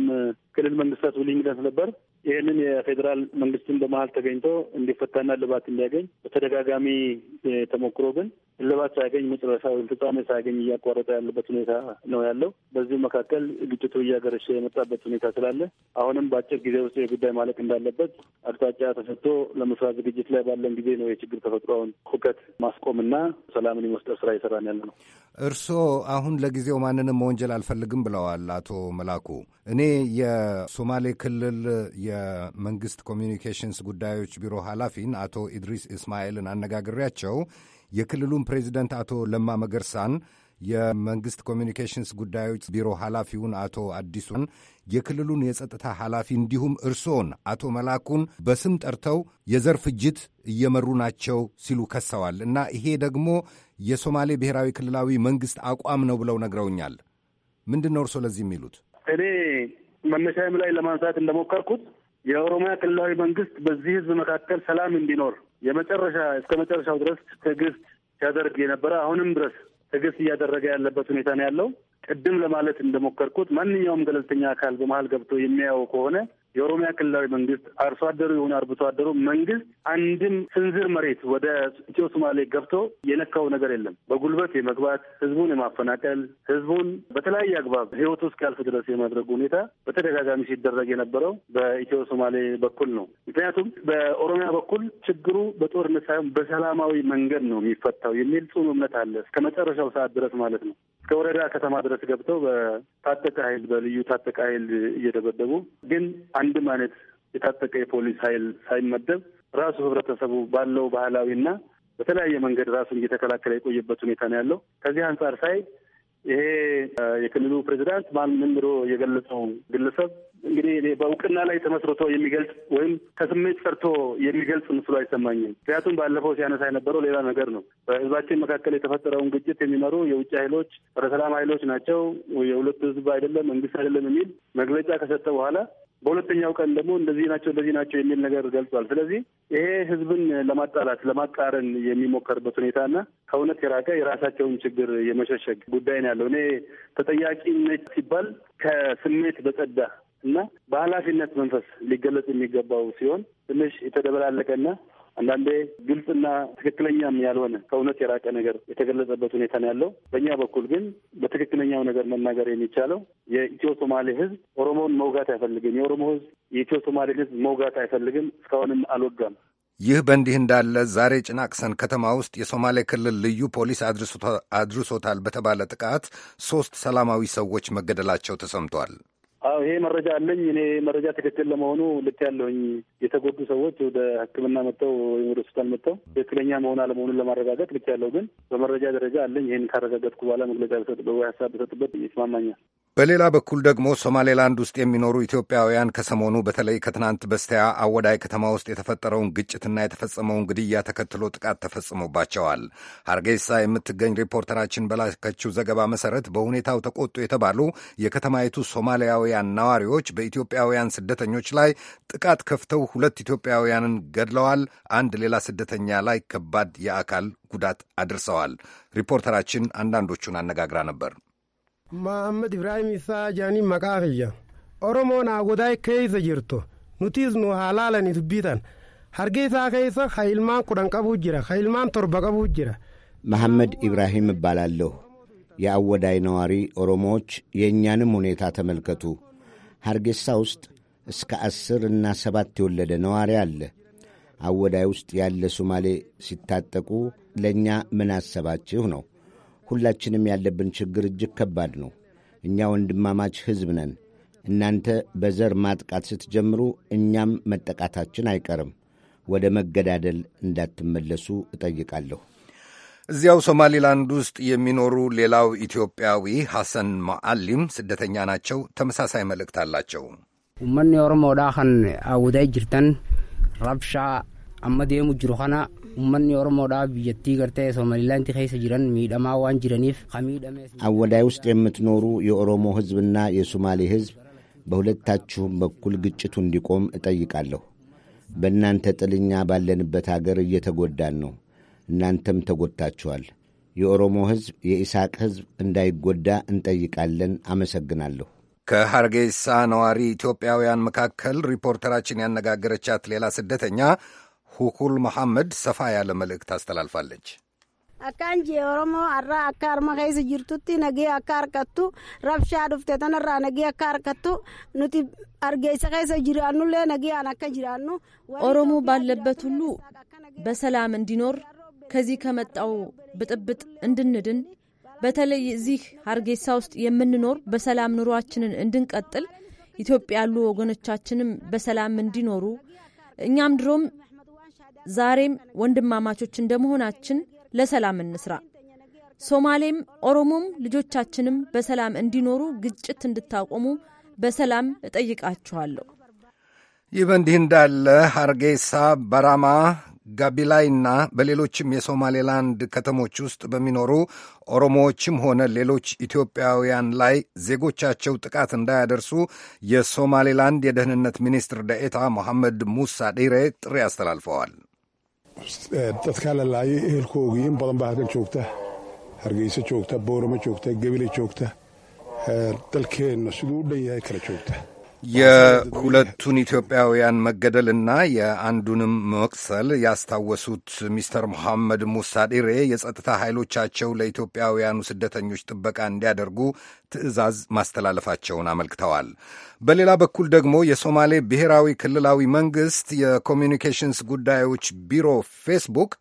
ክልል መንግስታት ውልኝነት ነበር። ይህንን የፌዴራል መንግስትን በመሀል ተገኝቶ እንዲፈታና እልባት እንዲያገኝ በተደጋጋሚ ተሞክሮ ግን እልባት ሳያገኝ መጨረሻ ወይም ፍጻሜ ሳያገኝ እያቋረጠ ያለበት ሁኔታ ነው ያለው። በዚህ መካከል ግጭቱ እያገረሸ የመጣበት ሁኔታ ስላለ አሁንም በአጭር ጊዜ ውስጥ የጉዳይ ማለቅ እንዳለበት አቅጣጫ ተሰጥቶ ለመስራት ዝግጅት ላይ ባለን ጊዜ ነው የችግር ተፈጥሮውን ሁከት ማስቆምና ሰላምን የመስጠት ስራ እየሰራን ያለ ነው። እርስዎ አሁን ለጊዜው ማንንም መወንጀል አልፈልግም ብለዋል አቶ መላኩ። እኔ የሶማሌ ክልል የመንግስት ኮሚኒኬሽንስ ጉዳዮች ቢሮ ኃላፊን አቶ ኢድሪስ እስማኤልን አነጋግሬያቸው የክልሉን ፕሬዚደንት አቶ ለማ መገርሳን የመንግስት ኮሚኒኬሽንስ ጉዳዮች ቢሮ ኃላፊውን አቶ አዲሱን የክልሉን የጸጥታ ኃላፊ እንዲሁም እርሶን አቶ መላኩን በስም ጠርተው የዘር ፍጅት እየመሩ ናቸው ሲሉ ከሰዋል እና ይሄ ደግሞ የሶማሌ ብሔራዊ ክልላዊ መንግስት አቋም ነው ብለው ነግረውኛል። ምንድን ነው እርሶ ለዚህ የሚሉት? እኔ መነሻዬም ላይ ለማንሳት እንደሞከርኩት የኦሮሚያ ክልላዊ መንግስት በዚህ ህዝብ መካከል ሰላም እንዲኖር የመጨረሻ እስከ መጨረሻው ድረስ ትዕግስት ሲያደርግ የነበረ አሁንም ድረስ ትዕግስት እያደረገ ያለበት ሁኔታ ነው ያለው። ቅድም ለማለት እንደሞከርኩት ማንኛውም ገለልተኛ አካል በመሀል ገብቶ የሚያየው ከሆነ የኦሮሚያ ክልላዊ መንግስት አርሶ አደሩ የሆነ አርብቶ አደሩ መንግስት አንድም ስንዝር መሬት ወደ ኢትዮ ሶማሌ ገብቶ የነካው ነገር የለም። በጉልበት የመግባት ህዝቡን የማፈናቀል ህዝቡን በተለያየ አግባብ ህይወቱ እስኪያልፍ ድረስ የማድረጉ ሁኔታ በተደጋጋሚ ሲደረግ የነበረው በኢትዮ ሶማሌ በኩል ነው። ምክንያቱም በኦሮሚያ በኩል ችግሩ በጦርነት ሳይሆን በሰላማዊ መንገድ ነው የሚፈታው የሚል ጽኑ እምነት አለ እስከ መጨረሻው ሰዓት ድረስ ማለት ነው። እስከ ወረዳ ከተማ ድረስ ገብተው በታጠቀ ኃይል በልዩ ታጠቀ ኃይል እየደበደቡ ግን አንድም አይነት የታጠቀ የፖሊስ ኃይል ሳይመደብ ራሱ ህብረተሰቡ ባለው ባህላዊና በተለያየ መንገድ ራሱን እየተከላከለ የቆየበት ሁኔታ ነው ያለው። ከዚህ አንጻር ሳይ ይሄ የክልሉ ፕሬዚዳንት ማን ብሎ የገለጸው ግለሰብ እንግዲህ በእውቅና ላይ ተመስርቶ የሚገልጽ ወይም ከስሜት ሰርቶ የሚገልጽ ምስሉ አይሰማኝም። ምክንያቱም ባለፈው ሲያነሳ የነበረው ሌላ ነገር ነው። በህዝባችን መካከል የተፈጠረውን ግጭት የሚመሩ የውጭ ኃይሎች ወደ ሰላም ኃይሎች ናቸው፣ የሁለቱ ህዝብ አይደለም፣ መንግስት አይደለም የሚል መግለጫ ከሰጠ በኋላ በሁለተኛው ቀን ደግሞ እንደዚህ ናቸው እንደዚህ ናቸው የሚል ነገር ገልጿል። ስለዚህ ይሄ ህዝብን ለማጣላት ለማቃረን የሚሞከርበት ሁኔታና ከእውነት የራቀ የራሳቸውን ችግር የመሸሸግ ጉዳይ ነው ያለው። እኔ ተጠያቂነት ሲባል ከስሜት በጸዳ እና በኃላፊነት መንፈስ ሊገለጽ የሚገባው ሲሆን ትንሽ የተደበላለቀና አንዳንዴ ግልጽና ትክክለኛም ያልሆነ ከእውነት የራቀ ነገር የተገለጸበት ሁኔታ ነው ያለው። በእኛ በኩል ግን በትክክለኛው ነገር መናገር የሚቻለው የኢትዮ ሶማሌ ሕዝብ ኦሮሞውን መውጋት አይፈልግም። የኦሮሞ ሕዝብ የኢትዮ ሶማሌ ሕዝብ መውጋት አይፈልግም። እስካሁንም አልወጋም። ይህ በእንዲህ እንዳለ ዛሬ ጭናቅሰን ከተማ ውስጥ የሶማሌ ክልል ልዩ ፖሊስ አድርሶታል በተባለ ጥቃት ሦስት ሰላማዊ ሰዎች መገደላቸው ተሰምቷል። አዎ ይሄ መረጃ አለኝ። እኔ መረጃ ትክክል ለመሆኑ ልክ ያለሁኝ የተጎዱ ሰዎች ወደ ሕክምና መጥተው ወይም ወደ ሆስፒታል መጥተው ትክክለኛ መሆን አለመሆኑን ለማረጋገጥ ልክ ያለው ግን በመረጃ ደረጃ አለኝ። ይህን ካረጋገጥኩ በኋላ መግለጫ ብሰጥበት ወይ ሀሳብ ብሰጥበት ይስማማኛል። በሌላ በኩል ደግሞ ሶማሌላንድ ውስጥ የሚኖሩ ኢትዮጵያውያን ከሰሞኑ በተለይ ከትናንት በስቲያ አወዳይ ከተማ ውስጥ የተፈጠረውን ግጭትና የተፈጸመውን ግድያ ተከትሎ ጥቃት ተፈጽሞባቸዋል። ሀርጌሳ የምትገኝ ሪፖርተራችን በላከችው ዘገባ መሰረት በሁኔታው ተቆጡ የተባሉ የከተማይቱ ሶማሊያውያን ነዋሪዎች በኢትዮጵያውያን ስደተኞች ላይ ጥቃት ከፍተው ሁለት ኢትዮጵያውያንን ገድለዋል። አንድ ሌላ ስደተኛ ላይ ከባድ የአካል ጉዳት አድርሰዋል። ሪፖርተራችን አንዳንዶቹን አነጋግራ ነበር። Mahammad Ibrahim Isaa jaanii maqaa fayya. Oromoon haagodaay keessa jirtu nutis nu haalaalan dubbitan hargee isaa keessa hailmaan kudhan qabu jira hailmaan torba qabu jira። መሐመድ ኢብራሂም እባላለሁ። የአወዳይ ነዋሪ ኦሮሞዎች የእኛንም ሁኔታ ተመልከቱ። ሐርጌሳ ውስጥ እስከ ዐሥር እና ሰባት የወለደ ነዋሪ አለ። አወዳይ ውስጥ ያለ ሶማሌ ሲታጠቁ ለእኛ ምን አሰባችሁ ነው ሁላችንም ያለብን ችግር እጅግ ከባድ ነው። እኛ ወንድማማች ሕዝብ ነን። እናንተ በዘር ማጥቃት ስትጀምሩ እኛም መጠቃታችን አይቀርም። ወደ መገዳደል እንዳትመለሱ እጠይቃለሁ። እዚያው ሶማሊላንድ ውስጥ የሚኖሩ ሌላው ኢትዮጵያዊ ሐሰን ማአሊም ስደተኛ ናቸው። ተመሳሳይ መልእክት አላቸው። ኡመኒ ዳኸን አውዳይ ጅርተን ረብሻ አመዴሙ ጅሩኸና uummanni Oromoodhaa biyyattii gartee Soomalilaandi keessa jiran miidhamaa waan jiraniif አወዳይ ውስጥ የምትኖሩ የኦሮሞ ህዝብና የሶማሌ ህዝብ በሁለታችሁም በኩል ግጭቱ እንዲቆም እጠይቃለሁ። በእናንተ ጥልኛ ባለንበት አገር እየተጎዳን ነው። እናንተም ተጎድታችኋል። የኦሮሞ ህዝብ የኢሳቅ ህዝብ እንዳይጎዳ እንጠይቃለን። አመሰግናለሁ። ከሐርጌሳ ነዋሪ ኢትዮጵያውያን መካከል ሪፖርተራችን ያነጋገረቻት ሌላ ስደተኛ ሁኩል መሐመድ ሰፋ ያለ መልእክት አስተላልፋለች። አካን የኦሮሞ አራ አካ አርማ ከይስ ጅርቱቲ ነጌ አካ አርቀቱ ረብሻ ዱፍተ ተነራ ነጌ አካ አርቀቱ ኑቲ አርጌሰ ከይሰ ለ ነጌ አናከ ጅራኑ ኦሮሞ ባለበት ሁሉ በሰላም እንዲኖር ከዚህ ከመጣው ብጥብጥ እንድንድን በተለይ እዚህ ሀርጌሳ ውስጥ የምንኖር በሰላም ኑሯችንን እንድንቀጥል ኢትዮጵያ ያሉ ወገኖቻችንም በሰላም እንዲኖሩ እኛም ድሮም ዛሬም ወንድማማቾች እንደመሆናችን ለሰላም እንስራ። ሶማሌም ኦሮሞም ልጆቻችንም በሰላም እንዲኖሩ ግጭት እንድታቆሙ በሰላም እጠይቃችኋለሁ። ይህ በእንዲህ እንዳለ ሐርጌሳ፣ በራማ፣ ጋቢላይና በሌሎችም የሶማሌላንድ ከተሞች ውስጥ በሚኖሩ ኦሮሞዎችም ሆነ ሌሎች ኢትዮጵያውያን ላይ ዜጎቻቸው ጥቃት እንዳያደርሱ የሶማሌላንድ የደህንነት ሚኒስትር ደኤታ ሞሐመድ ሙሳ ዲሬ ጥሪ አስተላልፈዋል። Eh, dadkaa la laayay ehelkoogii in badan baa halkan joogta hargeysa joogta booramo joogta gabilay joogta eh, dalkeenna siduu u dhan yahay kala joogta የሁለቱን ኢትዮጵያውያን መገደልና የአንዱንም መቁሰል ያስታወሱት ሚስተር መሐመድ ዲሬ የጸጥታ ኃይሎቻቸው ለኢትዮጵያውያኑ ስደተኞች ጥበቃ እንዲያደርጉ ትዕዛዝ ማስተላለፋቸውን አመልክተዋል። በሌላ በኩል ደግሞ የሶማሌ ብሔራዊ ክልላዊ መንግሥት የኮሚኒኬሽንስ ጉዳዮች ቢሮ ፌስቡክ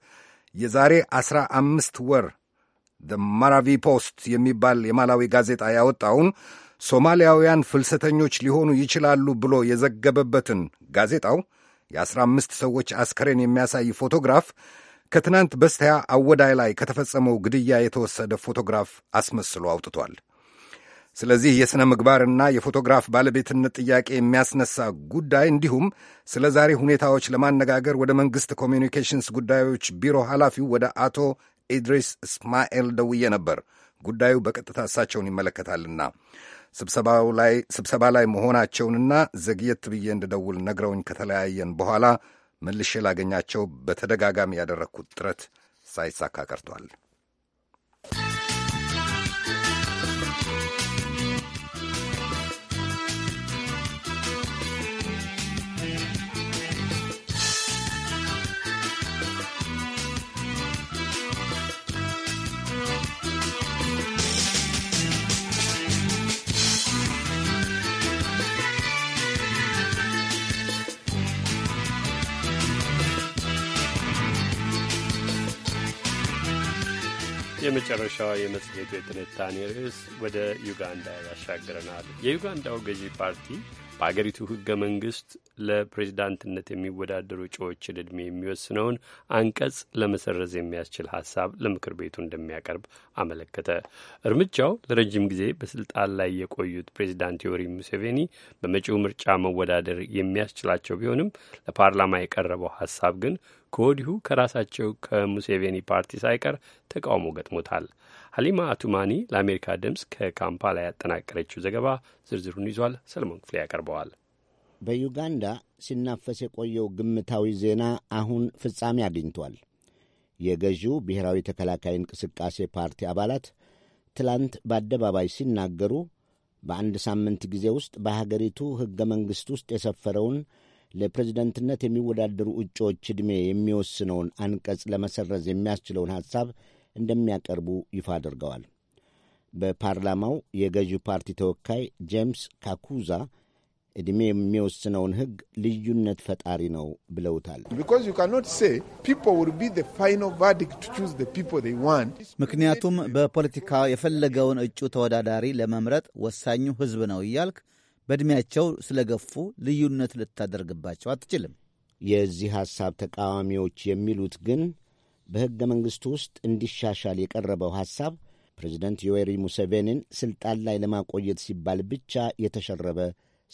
የዛሬ አስራ አምስት ወር ማራቪ ፖስት የሚባል የማላዊ ጋዜጣ ያወጣውን ሶማሊያውያን ፍልሰተኞች ሊሆኑ ይችላሉ ብሎ የዘገበበትን ጋዜጣው የአስራ አምስት ሰዎች አስከሬን የሚያሳይ ፎቶግራፍ ከትናንት በስቲያ አወዳይ ላይ ከተፈጸመው ግድያ የተወሰደ ፎቶግራፍ አስመስሎ አውጥቷል። ስለዚህ የሥነ ምግባርና የፎቶግራፍ ባለቤትነት ጥያቄ የሚያስነሳ ጉዳይ እንዲሁም ስለ ዛሬ ሁኔታዎች ለማነጋገር ወደ መንግሥት ኮሚኒኬሽንስ ጉዳዮች ቢሮ ኃላፊው ወደ አቶ ኢድሪስ እስማኤል ደውዬ ነበር። ጉዳዩ በቀጥታ እሳቸውን ይመለከታልና ስብሰባው ላይ ስብሰባ ላይ መሆናቸውንና ዘግየት ብዬ እንድደውል ነግረውኝ ከተለያየን በኋላ መልሼ ላገኛቸው በተደጋጋሚ ያደረግኩት ጥረት ሳይሳካ ቀርቷል። የመጨረሻው የመጽሔቱ የትንታኔ ርዕስ ወደ ዩጋንዳ ያሻግረናል። የዩጋንዳው ገዢ ፓርቲ በአገሪቱ ሕገ መንግሥት ለፕሬዚዳንትነት የሚወዳደሩ እጩዎችን ዕድሜ የሚወስነውን አንቀጽ ለመሰረዝ የሚያስችል ሀሳብ ለምክር ቤቱ እንደሚያቀርብ አመለከተ። እርምጃው ለረጅም ጊዜ በስልጣን ላይ የቆዩት ፕሬዚዳንት ዮሪ ሙሴቬኒ በመጪው ምርጫ መወዳደር የሚያስችላቸው ቢሆንም ለፓርላማ የቀረበው ሀሳብ ግን ከወዲሁ ከራሳቸው ከሙሴቬኒ ፓርቲ ሳይቀር ተቃውሞ ገጥሞታል። ሀሊማ አቱማኒ ለአሜሪካ ድምፅ ከካምፓላ ያጠናቀረችው ዘገባ ዝርዝሩን ይዟል። ሰለሞን ክፍሌ ያቀርበዋል። በዩጋንዳ ሲናፈስ የቆየው ግምታዊ ዜና አሁን ፍጻሜ አግኝቷል። የገዢው ብሔራዊ ተከላካይ እንቅስቃሴ ፓርቲ አባላት ትላንት በአደባባይ ሲናገሩ በአንድ ሳምንት ጊዜ ውስጥ በሀገሪቱ ሕገ መንግሥት ውስጥ የሰፈረውን ለፕሬዝደንትነት የሚወዳደሩ እጩዎች ዕድሜ የሚወስነውን አንቀጽ ለመሰረዝ የሚያስችለውን ሐሳብ እንደሚያቀርቡ ይፋ አድርገዋል። በፓርላማው የገዢው ፓርቲ ተወካይ ጄምስ ካኩዛ ዕድሜ የሚወስነውን ሕግ ልዩነት ፈጣሪ ነው ብለውታል። ምክንያቱም በፖለቲካ የፈለገውን እጩ ተወዳዳሪ ለመምረጥ ወሳኙ ሕዝብ ነው እያልክ በዕድሜያቸው ስለገፉ ልዩነት ልታደርግባቸው አትችልም። የዚህ ሐሳብ ተቃዋሚዎች የሚሉት ግን በሕገ መንግሥቱ ውስጥ እንዲሻሻል የቀረበው ሐሳብ ፕሬዚደንት ዮዌሪ ሙሴቬኒን ሥልጣን ላይ ለማቆየት ሲባል ብቻ የተሸረበ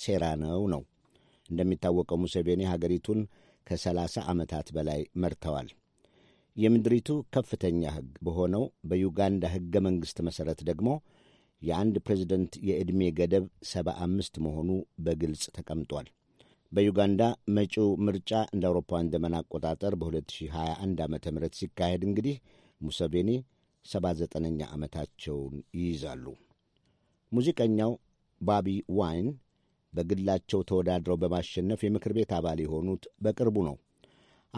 ሴራ ነው ነው። እንደሚታወቀው ሙሴቬኒ ሀገሪቱን ከሰላሳ ዓመታት በላይ መርተዋል። የምድሪቱ ከፍተኛ ሕግ በሆነው በዩጋንዳ ሕገ መንግሥት መሠረት ደግሞ የአንድ ፕሬዝደንት የዕድሜ ገደብ ሰባ አምስት መሆኑ በግልጽ ተቀምጧል። በዩጋንዳ መጪው ምርጫ እንደ አውሮፓውያን ዘመን አቆጣጠር በ2021 ዓ ም ሲካሄድ እንግዲህ ሙሰቬኒ 79ኛ ዓመታቸውን ይይዛሉ። ሙዚቀኛው ባቢ ዋይን በግላቸው ተወዳድረው በማሸነፍ የምክር ቤት አባል የሆኑት በቅርቡ ነው።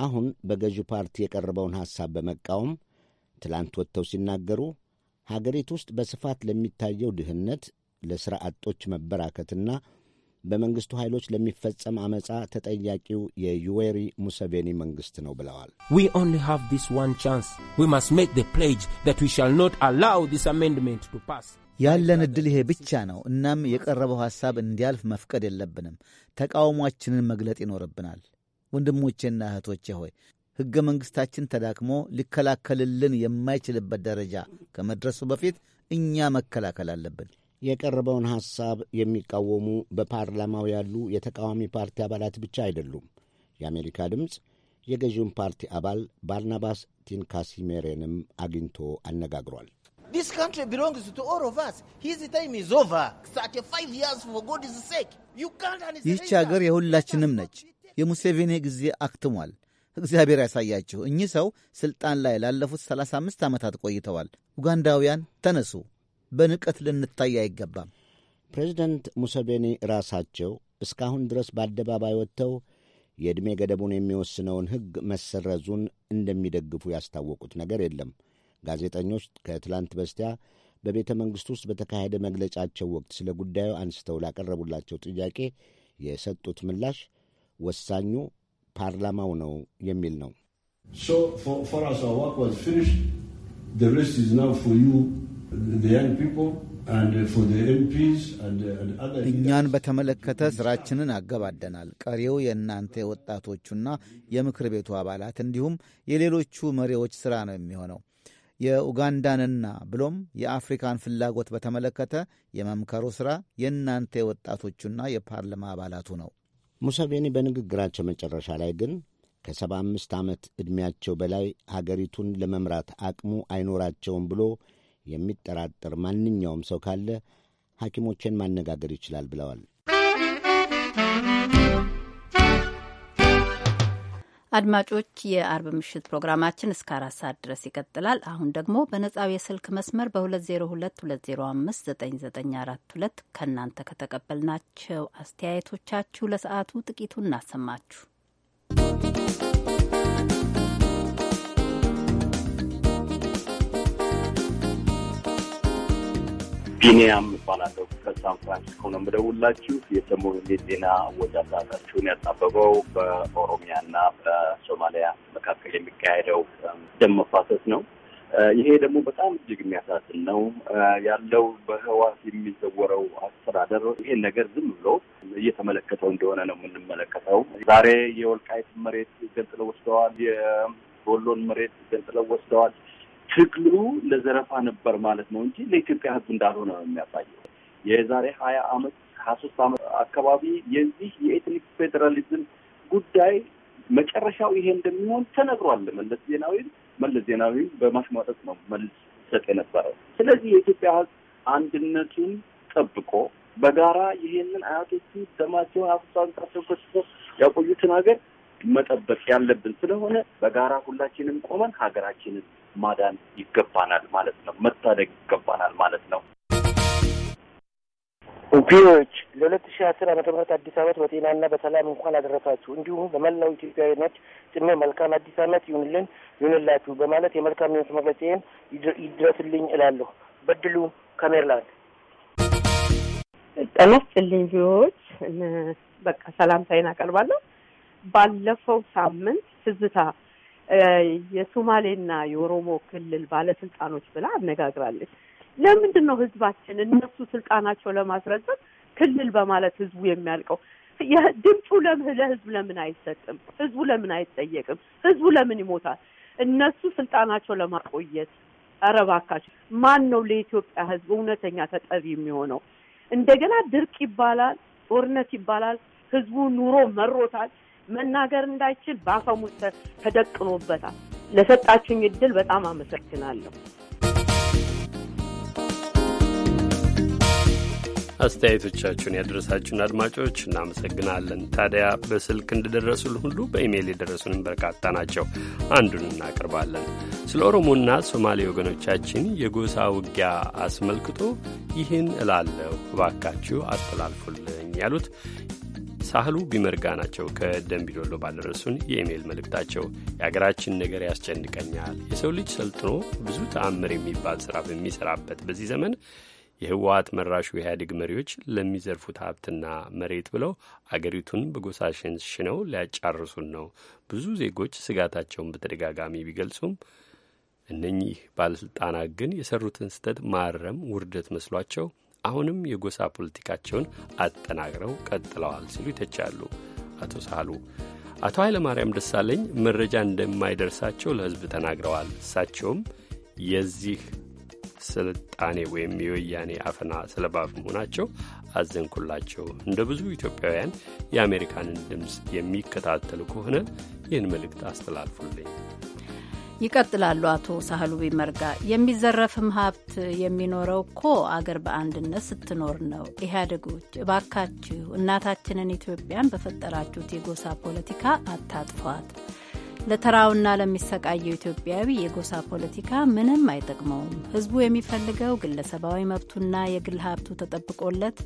አሁን በገዢው ፓርቲ የቀረበውን ሐሳብ በመቃወም ትላንት ወጥተው ሲናገሩ ሀገሪቱ ውስጥ በስፋት ለሚታየው ድህነት፣ ለሥራ አጦች መበራከትና በመንግስቱ ኃይሎች ለሚፈጸም አመጻ ተጠያቂው የዩዌሪ ሙሰቬኒ መንግስት ነው ብለዋል። ያለን ዕድል ይሄ ብቻ ነው። እናም የቀረበው ሐሳብ እንዲያልፍ መፍቀድ የለብንም። ተቃውሟችንን መግለጥ ይኖርብናል። ወንድሞቼና እህቶቼ ሆይ ሕገ መንግሥታችን ተዳክሞ ሊከላከልልን የማይችልበት ደረጃ ከመድረሱ በፊት እኛ መከላከል አለብን። የቀረበውን ሐሳብ የሚቃወሙ በፓርላማው ያሉ የተቃዋሚ ፓርቲ አባላት ብቻ አይደሉም። የአሜሪካ ድምፅ የገዢውን ፓርቲ አባል ባርናባስ ቲንካሲሜሬንም አግኝቶ አነጋግሯል። ይህች አገር የሁላችንም ነች። የሙሴቬኒ ጊዜ አክትሟል። እግዚአብሔር ያሳያችሁ። እኚህ ሰው ሥልጣን ላይ ላለፉት 35 ዓመታት ቆይተዋል። ኡጋንዳውያን ተነሱ፣ በንቀት ልንታይ አይገባም። ፕሬዚደንት ሙሰቤኒ ራሳቸው እስካሁን ድረስ በአደባባይ ወጥተው የዕድሜ ገደቡን የሚወስነውን ሕግ መሰረዙን እንደሚደግፉ ያስታወቁት ነገር የለም። ጋዜጠኞች ከትላንት በስቲያ በቤተ መንግሥት ውስጥ በተካሄደ መግለጫቸው ወቅት ስለ ጉዳዩ አንስተው ላቀረቡላቸው ጥያቄ የሰጡት ምላሽ ወሳኙ ፓርላማው ነው የሚል ነው። እኛን በተመለከተ ስራችንን አገባደናል። ቀሪው የእናንተ የወጣቶቹና የምክር ቤቱ አባላት እንዲሁም የሌሎቹ መሪዎች ሥራ ነው የሚሆነው። የኡጋንዳንና ብሎም የአፍሪካን ፍላጎት በተመለከተ የመምከሩ ሥራ የእናንተ የወጣቶቹና የፓርላማ አባላቱ ነው። ሙሰቬኒ በንግግራቸው መጨረሻ ላይ ግን ከሰባ አምስት ዓመት ዕድሜያቸው በላይ ሀገሪቱን ለመምራት አቅሙ አይኖራቸውም ብሎ የሚጠራጠር ማንኛውም ሰው ካለ ሐኪሞችን ማነጋገር ይችላል ብለዋል። አድማጮች የአርብ ምሽት ፕሮግራማችን እስከ አራት ሰዓት ድረስ ይቀጥላል። አሁን ደግሞ በነጻው የስልክ መስመር በ2022059942 ከእናንተ ከተቀበልናቸው አስተያየቶቻችሁ ለሰዓቱ ጥቂቱ እናሰማችሁ። ቢኒያም እባላለሁ። ከሳን ፍራንሲስኮ ነው የምደውላችሁ። የሰሞኑን የጤና አወጃጃታችሁን ያጣበበው በኦሮሚያና በሶማሊያ መካከል የሚካሄደው ደም መፋሰስ ነው። ይሄ ደግሞ በጣም እጅግ የሚያሳዝን ነው። ያለው በህዋስ የሚዘወረው አስተዳደር ይሄን ነገር ዝም ብሎ እየተመለከተው እንደሆነ ነው የምንመለከተው። ዛሬ የወልቃይት መሬት ገንጥለው ወስደዋል። የወሎን መሬት ገንጥለው ወስደዋል። ትግሉ ለዘረፋ ነበር ማለት ነው እንጂ ለኢትዮጵያ ህዝብ እንዳልሆነ ነው የሚያሳየው። የዛሬ ሀያ አመት ሀያ ሶስት አመት አካባቢ የዚህ የኤትኒክ ፌዴራሊዝም ጉዳይ መጨረሻው ይሄ እንደሚሆን ተነግሯል። መለስ ዜናዊም መለስ ዜናዊም በማሽሟጠጥ ነው መልስ ሰጥ የነበረው። ስለዚህ የኢትዮጵያ ህዝብ አንድነቱን ጠብቆ በጋራ ይሄንን አያቶቹ ደማቸውን አፍሳንታቸውበት ያቆዩትን ሀገር መጠበቅ ያለብን ስለሆነ በጋራ ሁላችንም ቆመን ሀገራችንን ማዳን ይገባናል ማለት ነው። መታደግ ይገባናል ማለት ነው። ኦፒዎች ለሁለት ሺ አስር ዓመተ ምህረት አዲስ ዓመት በጤናና በሰላም እንኳን አደረሳችሁ። እንዲሁም በመላው ኢትዮጵያዊነት ጭምር መልካም አዲስ ዓመት ይሁንልን ይሁንላችሁ በማለት የመልካም ምኞት መግለጫዬን ይድረስልኝ እላለሁ። በድሉ ከሜርላንድ ጠነስልኝ ቪዎች በቃ ሰላምታዬን አቀርባለሁ። ባለፈው ሳምንት ትዝታ የሶማሌና የኦሮሞ ክልል ባለስልጣኖች ብላ አነጋግራለች። ለምንድን ነው ህዝባችን እነሱ ስልጣናቸው ለማስረዘም ክልል በማለት ህዝቡ የሚያልቀው? ድምፁ ለህዝብ ለምን አይሰጥም? ህዝቡ ለምን አይጠየቅም? ህዝቡ ለምን ይሞታል? እነሱ ስልጣናቸው ለማቆየት ረባካች ማን ነው ለኢትዮጵያ ህዝብ እውነተኛ ተጠሪ የሚሆነው? እንደገና ድርቅ ይባላል፣ ጦርነት ይባላል፣ ህዝቡ ኑሮ መሮታል። መናገር እንዳይችል በአፈሙ ተደቅኖበታል። ለሰጣችሁኝ እድል በጣም አመሰግናለሁ። አስተያየቶቻችሁን ያደረሳችሁን አድማጮች እናመሰግናለን። ታዲያ በስልክ እንደደረሱን ሁሉ በኢሜይል የደረሱንም በርካታ ናቸው። አንዱን እናቀርባለን። ስለ ኦሮሞና ሶማሌ ወገኖቻችን የጎሳ ውጊያ አስመልክቶ ይህን እላለሁ፣ እባካችሁ አስተላልፉልኝ ያሉት ሳህሉ ቢመርጋ ናቸው። ከደንቢዶሎ ባልደረሱን የኢሜይል መልእክታቸው የሀገራችን ነገር ያስጨንቀኛል። የሰው ልጅ ሰልጥኖ ብዙ ተአምር የሚባል ስራ በሚሰራበት በዚህ ዘመን የህወሀት መራሹ ኢህአዴግ መሪዎች ለሚዘርፉት ሀብትና መሬት ብለው አገሪቱን በጎሳ ሸንሽነው ሊያጫርሱን ነው። ብዙ ዜጎች ስጋታቸውን በተደጋጋሚ ቢገልጹም እነኚህ ባለስልጣናት ግን የሰሩትን ስህተት ማረም ውርደት መስሏቸው አሁንም የጎሳ ፖለቲካቸውን አጠናክረው ቀጥለዋል ሲሉ ይተቻሉ አቶ ሳህሉ። አቶ ኃይለማርያም ደሳለኝ መረጃ እንደማይደርሳቸው ለሕዝብ ተናግረዋል። እሳቸውም የዚህ ስልጣኔ ወይም የወያኔ አፈና ሰለባ መሆናቸው አዘንኩላቸው። እንደ ብዙ ኢትዮጵያውያን የአሜሪካንን ድምፅ የሚከታተሉ ከሆነ ይህን መልእክት አስተላልፉልኝ ይቀጥላሉ አቶ ሳህሉ ቢመርጋ። የሚዘረፍም ሀብት የሚኖረው እኮ አገር በአንድነት ስትኖር ነው። ኢህአዴጎች እባካችሁ እናታችንን ኢትዮጵያን በፈጠራችሁት የጎሳ ፖለቲካ አታጥፏት። ለተራውና ለሚሰቃየው ኢትዮጵያዊ የጎሳ ፖለቲካ ምንም አይጠቅመውም። ህዝቡ የሚፈልገው ግለሰባዊ መብቱና የግል ሀብቱ ተጠብቆለት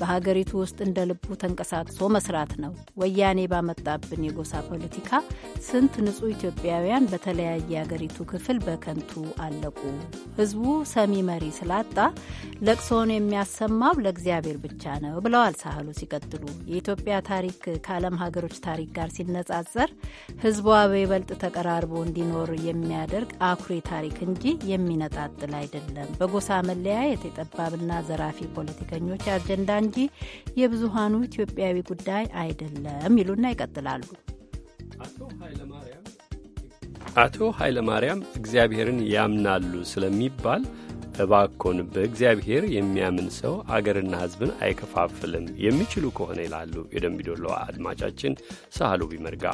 በሀገሪቱ ውስጥ እንደ ልቡ ተንቀሳቅሶ መስራት ነው። ወያኔ ባመጣብን የጎሳ ፖለቲካ ስንት ንጹህ ኢትዮጵያውያን በተለያየ የሀገሪቱ ክፍል በከንቱ አለቁ። ህዝቡ ሰሚ መሪ ስላጣ ለቅሶውን የሚያሰማው ለእግዚአብሔር ብቻ ነው ብለዋል ሳህሉ ሲቀጥሉ የኢትዮጵያ ታሪክ ከዓለም ሀገሮች ታሪክ ጋር ሲነጻጸር ህዝቡ ይበልጥ ተቀራርቦ እንዲኖር የሚያደርግ አኩሪ ታሪክ እንጂ የሚነጣጥል አይደለም። በጎሳ መለያየት፣ የጠባብና ዘራፊ ፖለቲከኞች አጀንዳ እንጂ የብዙሃኑ ኢትዮጵያዊ ጉዳይ አይደለም ይሉና ይቀጥላሉ። አቶ ኃይለማርያም እግዚአብሔርን ያምናሉ ስለሚባል እባኮን በእግዚአብሔር የሚያምን ሰው አገርና ሕዝብን አይከፋፍልም የሚችሉ ከሆነ ይላሉ የደንቢዶሎ አድማጫችን ሳህሉ ቢመርጋ።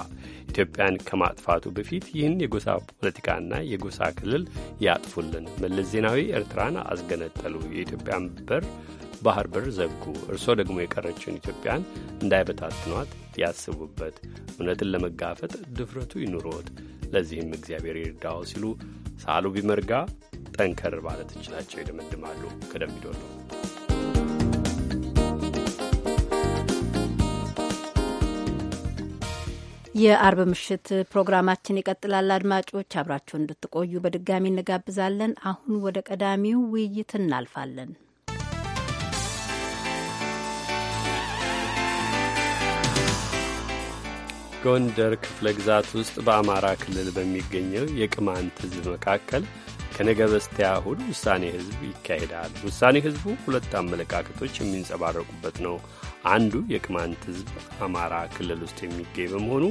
ኢትዮጵያን ከማጥፋቱ በፊት ይህን የጎሳ ፖለቲካና የጎሳ ክልል ያጥፉልን። መለስ ዜናዊ ኤርትራን አስገነጠሉ፣ የኢትዮጵያን በር ባህር በር ዘጉ። እርስዎ ደግሞ የቀረችውን ኢትዮጵያን እንዳይበታትኗት ያስቡበት። እውነትን ለመጋፈጥ ድፍረቱ ይኑሮት፣ ለዚህም እግዚአብሔር ይርዳው ሲሉ ሳሉ ቢመርጋ ጠንከር ማለት እንችላቸው ይደመድማሉ። ነው። የአርብ ምሽት ፕሮግራማችን ይቀጥላል። አድማጮች አብራችሁን እንድትቆዩ በድጋሚ እንጋብዛለን። አሁን ወደ ቀዳሚው ውይይት እናልፋለን። ጎንደር ክፍለ ግዛት ውስጥ በአማራ ክልል በሚገኘው የቅማንት ሕዝብ መካከል ከነገ በስቲያ እሁድ ውሳኔ ህዝብ ይካሄዳል። ውሳኔ ህዝቡ ሁለት አመለካከቶች የሚንጸባረቁበት ነው። አንዱ የቅማንት ህዝብ አማራ ክልል ውስጥ የሚገኝ በመሆኑ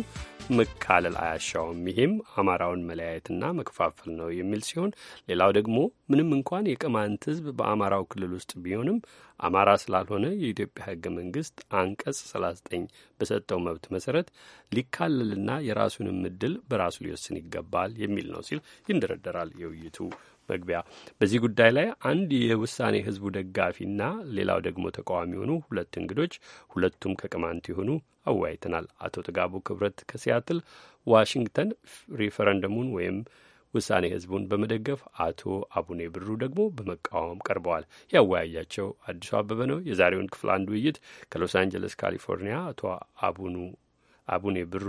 መካለል አያሻውም፣ ይሄም አማራውን መለያየትና መከፋፈል ነው የሚል ሲሆን፣ ሌላው ደግሞ ምንም እንኳን የቅማንት ህዝብ በአማራው ክልል ውስጥ ቢሆንም አማራ ስላልሆነ የኢትዮጵያ ህገ መንግስት አንቀጽ 39 በሰጠው መብት መሰረት ሊካለልና የራሱንም እድል በራሱ ሊወስን ይገባል የሚል ነው ሲል ይንደረደራል የውይይቱ መግቢያ። በዚህ ጉዳይ ላይ አንድ የውሳኔ ህዝቡ ደጋፊና ሌላው ደግሞ ተቃዋሚ የሆኑ ሁለት እንግዶች ሁለቱም ከቅማንት የሆኑ አወያይተናል። አቶ ጥጋቡ ክብረት ከሲያትል ዋሽንግተን ሪፈረንደሙን ወይም ውሳኔ ህዝቡን በመደገፍ አቶ አቡኔ ብሩ ደግሞ በመቃወም ቀርበዋል። ያወያያቸው አዲሱ አበበ ነው። የዛሬውን ክፍል አንድ ውይይት ከሎስ አንጀለስ ካሊፎርኒያ አቶ አቡኑ አቡኔ ብሩ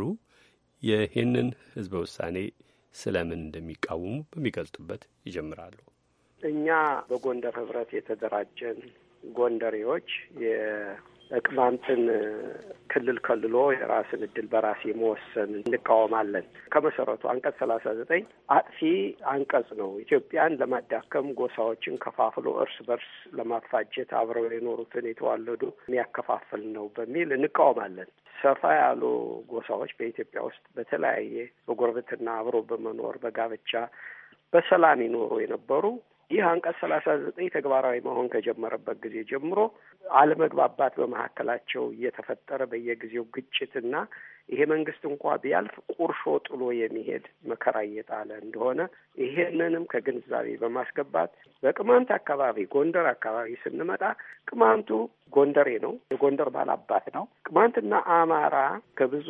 ይህንን ህዝበ ውሳኔ ስለምን እንደሚቃወሙ በሚገልጡበት ይጀምራሉ። እኛ በጎንደር ህብረት የተደራጀን ጎንደሬዎች ቅማንትን ክልል ከልሎ የራስን እድል በራስ የመወሰን እንቃወማለን። ከመሰረቱ አንቀጽ ሰላሳ ዘጠኝ አጥፊ አንቀጽ ነው። ኢትዮጵያን ለማዳከም ጎሳዎችን ከፋፍሎ እርስ በርስ ለማፋጀት አብረው የኖሩትን የተዋለዱ የሚያከፋፍል ነው በሚል እንቃወማለን። ሰፋ ያሉ ጎሳዎች በኢትዮጵያ ውስጥ በተለያየ በጎረቤትና አብሮ በመኖር በጋብቻ በሰላም ይኖሩ የነበሩ ይህ አንቀጽ ሰላሳ ዘጠኝ ተግባራዊ መሆን ከጀመረበት ጊዜ ጀምሮ አለመግባባት በመካከላቸው እየተፈጠረ በየጊዜው ግጭትና ይሄ መንግስት እንኳ ቢያልፍ ቁርሾ ጥሎ የሚሄድ መከራ እየጣለ እንደሆነ ይሄንንም ከግንዛቤ በማስገባት በቅማንት አካባቢ ጎንደር አካባቢ ስንመጣ ቅማንቱ ጎንደሬ ነው፣ የጎንደር ባላባት ነው። ቅማንትና አማራ ከብዙ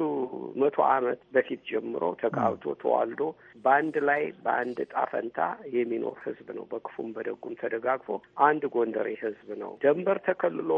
መቶ ዓመት በፊት ጀምሮ ተጋብቶ ተዋልዶ በአንድ ላይ በአንድ ጣፈንታ የሚኖር ህዝብ ነው። በክፉም በደጉም ተደጋግፎ አንድ ጎንደሬ ህዝብ ነው። ደንበር ተከልሎ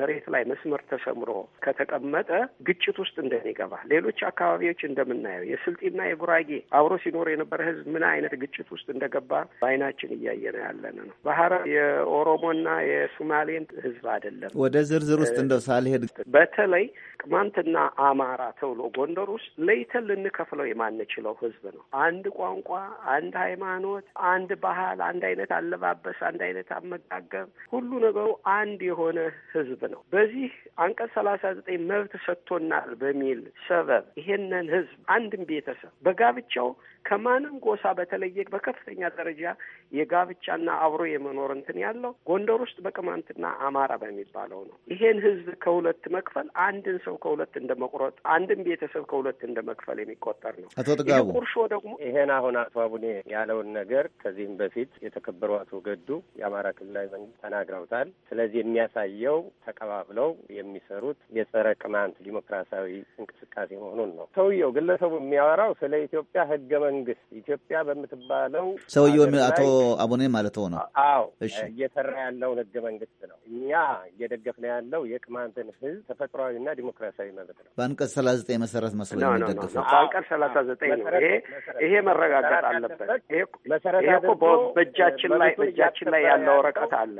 መሬት ላይ መስመር ተሰምሮ ከተቀመጠ ግጭት ውስጥ እንደሚገባ ሌሎች አካባቢዎች እንደምናየው የስልጤና የጉራጌ አብሮ ሲኖር የነበረ ህዝብ ምን አይነት ግጭት ውስጥ እንደገባ በአይናችን እያየን ያለን ነው። በሀረር የኦሮሞና የሱማሌን ህዝብ አይደለም። ወደ ዝርዝር ውስጥ እንደው ሳልሄድ በተለይ ቅማንትና አማራ ተብሎ ጎንደር ውስጥ ለይተን ልንከፍለው የማንችለው ህዝብ ነው። አንድ ቋንቋ፣ አንድ ሃይማኖት፣ አንድ ባህል፣ አንድ አይነት አለባበስ፣ አንድ አይነት አመጋገብ፣ ሁሉ ነገሩ አንድ የሆነ ህዝብ ነው። በዚህ አንቀጽ ሰላሳ ዘጠኝ መብት ሰጥቶናል በሚል ሰበብ ይሄንን ህዝብ አንድም ቤተሰብ በጋብቻው ከማንም ጎሳ በተለየ በከፍተኛ ደረጃ የጋብቻና አብሮ የመኖር እንትን ያለው ጎንደር ውስጥ በቅማንትና አማራ በሚባለው ነው። ይሄን ህዝብ ከሁለት መክፈል አንድን ሰው ከሁለት እንደ መቁረጥ፣ አንድን ቤተሰብ ከሁለት እንደ መክፈል የሚቆጠር ነው። አቶ ጥጋቡ ቁርሾ ደግሞ ይሄን አሁን አቶ አቡኔ ያለውን ነገር ከዚህም በፊት የተከበሩ አቶ ገዱ የአማራ ክልላዊ መንግስት ተናግረውታል። ስለዚህ የሚያሳየው ተቀባብለው የሚሰሩት የጸረ ቅማንት ዲሞክራሲያዊ እንቅስቃሴ መሆኑን ነው። ሰውየው ግለሰቡ የሚያወራው ስለ ኢትዮጵያ ህገ መንግስት ኢትዮጵያ በምትባለው ሰውየውን አቶ አቡኔ ማለት ነው። አዎ እየሰራ ያለውን ህገ መንግስት ነው። እኛ እየደገፍ ነው ያለው የቅማንትን ህዝብ ተፈጥሯዊና ዲሞክራሲያዊ መብት ነው። በአንቀጽ ሰላሳ ዘጠኝ መሰረት መስሎ የሚደገፈው በአንቀጽ ሰላሳ ዘጠኝ ነው። ይሄ ይሄ መረጋጋት አለበት። ይሄ እኮ በእጃችን ላይ በእጃችን ላይ ያለ ወረቀት አለ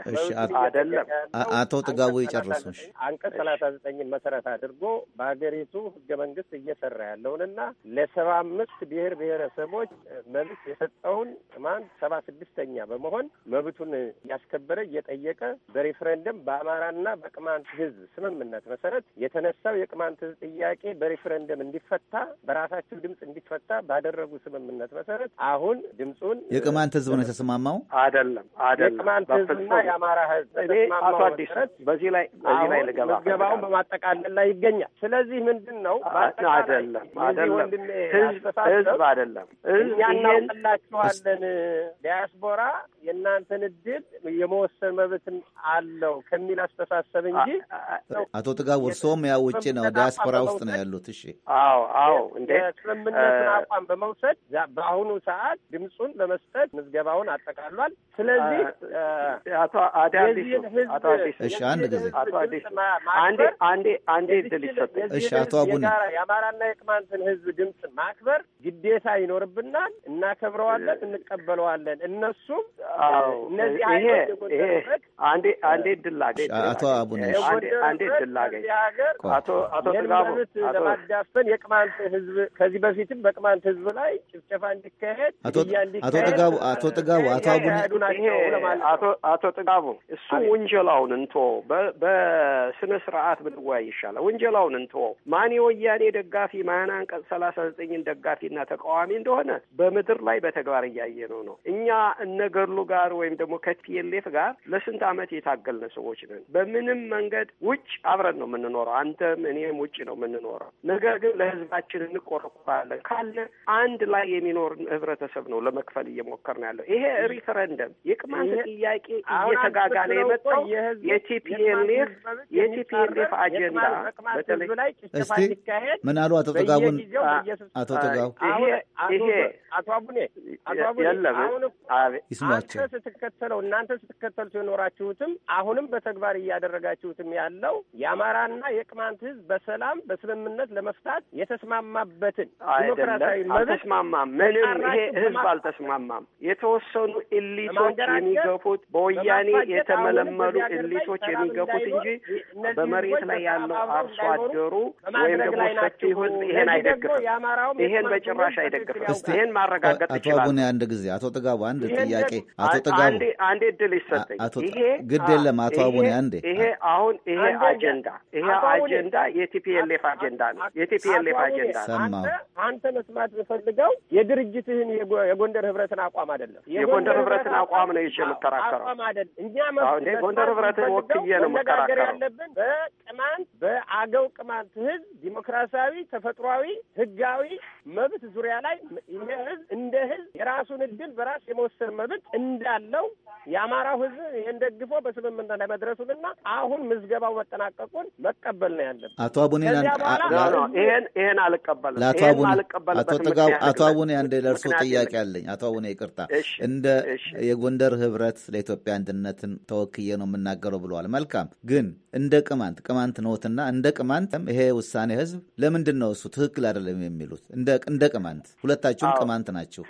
አይደለም። አቶ ጥጋቡ ይጨርሱ። አንቀጽ ሰላሳ ዘጠኝን መሰረት አድርጎ በሀገሪቱ ህገ መንግስት እየሰራ ያለውንና ለሰባ አምስት ብሔር ብሔረሰብ ባለሙያዎች መብት የሰጠውን ቅማንት ሰባ ስድስተኛ በመሆን መብቱን ያስከበረ እየጠየቀ በሬፍረንደም በአማራና በቅማንት ህዝብ ስምምነት መሰረት የተነሳው የቅማንት ህዝብ ጥያቄ በሬፍረንደም እንዲፈታ በራሳቸው ድምፅ እንዲፈታ ባደረጉ ስምምነት መሰረት አሁን ድምፁን የቅማንት ህዝብ ነው የተስማማው። አይደለም አይደለም፣ የቅማንት ህዝብና የአማራ ህዝብ አቶ አዲስ በዚህ ላይ በዚህ ላይ ልገባ ምዝገባውን በማጠቃለል ላይ ይገኛል። ስለዚህ ምንድን ነው አይደለም አይደለም፣ ህዝብ አይደለም እኛ እናውቅላችኋለን። ዲያስፖራ የእናንተን እድል የመወሰን መብትን አለው ከሚል አስተሳሰብ እንጂ አቶ ጥጋቡ እርስዎም ያ ውጭ ነው ዲያስፖራ ውስጥ ነው ያሉት። እሺ፣ አዎ፣ አዎ። እንደ ስምምነትን አቋም በመውሰድ በአሁኑ ሰዓት ድምፁን በመስጠት ምዝገባውን አጠቃሏል። ስለዚህ አቶ አዲስ አንድ ጊዜ አንዴ አንዴ ድል ይሰጥ። እሺ፣ አቶ አቡነ የአማራና የቅማንትን ህዝብ ድምፅ ማክበር ግዴታ ይኖ ይኖርብናል። እናከብረዋለን፣ እንቀበለዋለን። እነሱም እነዚህ አንዴ አንዴ ድላገኝ አቶ አቡነ አንዴ ድላገኝ አቶ አቶ ለማዳፈን የቅማንት ህዝብ ከዚህ በፊትም በቅማንት ህዝብ ላይ ጭፍጨፋ እንዲካሄድ አቶ ጥጋቡ አቶ ጥጋቡ አቶ አቡነ አቶ ጥጋቡ እሱ ወንጀላውን እንቶ በስነ ስርዓት ብንወያይ ይሻላል። ወንጀላውን እንቶ ማን የወያኔ ደጋፊ ማን አንቀጽ ሰላሳ ዘጠኝን ደጋፊና ተቃዋሚን እንደሆነ በምድር ላይ በተግባር እያየ ነው ነው እኛ እነገርሉ ጋር ወይም ደግሞ ከቲኤልኤፍ ጋር ለስንት አመት የታገልነ ሰዎች ነን። በምንም መንገድ ውጭ አብረን ነው የምንኖረው። አንተም እኔም ውጭ ነው የምንኖረው። ነገር ግን ለህዝባችን እንቆረቆራለን ካለ አንድ ላይ የሚኖር ህብረተሰብ ነው ለመክፈል እየሞከር ነው ያለው። ይሄ ሪፈረንደም የቅማንት ጥያቄ እየተጋጋለ የመጣው የቲፒኤልኤፍ የቲፒኤልኤፍ አጀንዳ በተለይ ምን አሉ አቶ ጥጋቡን አቶ ጥጋቡ ይሄ አቶ አቡኔ አቶ አቡኔ አሁን አንተ ስትከተለው እናንተ ስትከተሉት የኖራችሁትም አሁንም በተግባር እያደረጋችሁትም ያለው የአማራና የቅማንት ህዝብ በሰላም በስምምነት ለመፍታት የተስማማበትን ዲሞክራሲያዊ መብት ምንም ይሄ ህዝብ አልተስማማም። የተወሰኑ ኢሊቶች የሚገፉት በወያኔ የተመለመሉ ኢሊቶች የሚገፉት እንጂ በመሬት ላይ ያለው አርሶ አደሩ ወይም ደግሞ ሰፊ ህዝብ ይሄን አይደግፍም። ይሄን በጭራሽ አይደግፍም። ይህን ማረጋገጥ ይችላል። አቶ አቡነ አንድ ጊዜ አቶ ጥጋቡ አንድ ጥያቄ አቶ ጥጋቡ አንዴ እድል ይሰጠኝ። ይሄ ግድ የለም አቶ አቡነ አንዴ ይሄ አሁን ይሄ አጀንዳ ይሄ አጀንዳ የቲፒኤልኤፍ አጀንዳ ነው። የቲፒኤልኤፍ አጀንዳ ሰማሁ። አንተ መስማት ፈልገው የድርጅትህን የጎንደር ህብረትን አቋም አይደለም። የጎንደር ህብረትን አቋም ነው ይዤ የምከራከረው እኛ ጎንደር ህብረትን ወክዬ ነው የምከራከረው ያለብን በቅማንት በአገው ቅማንት ህዝብ ዲሞክራሲያዊ ተፈጥሯዊ ህጋዊ መብት ዙሪያ ላይ ህዝብ እንደ ህዝብ የራሱን እድል በራስ የመወሰን መብት እንዳለው የአማራው ህዝብ ይህን ደግፎ በስምምነት ላይ መድረሱንና አሁን ምዝገባው መጠናቀቁን መቀበል ነው ያለን። አቶ አቡኔ ይህን ይህን አልቀበልም። አቶ አቡኔ አንድ ለእርሶ ጥያቄ አለኝ። አቶ አቡኔ ይቅርታ፣ እንደ የጎንደር ህብረት ለኢትዮጵያ አንድነትን ተወክዬ ነው የምናገረው ብለዋል። መልካም ግን እንደ ቅማንት ቅማንት ነዎትና እንደ ቅማንት ይሄ ውሳኔ ህዝብ ለምንድን ነው እሱ ትክክል አይደለም የሚሉት? እንደ ቅማንት ሁለት ሁለታችሁም ቅማንት ናችሁ።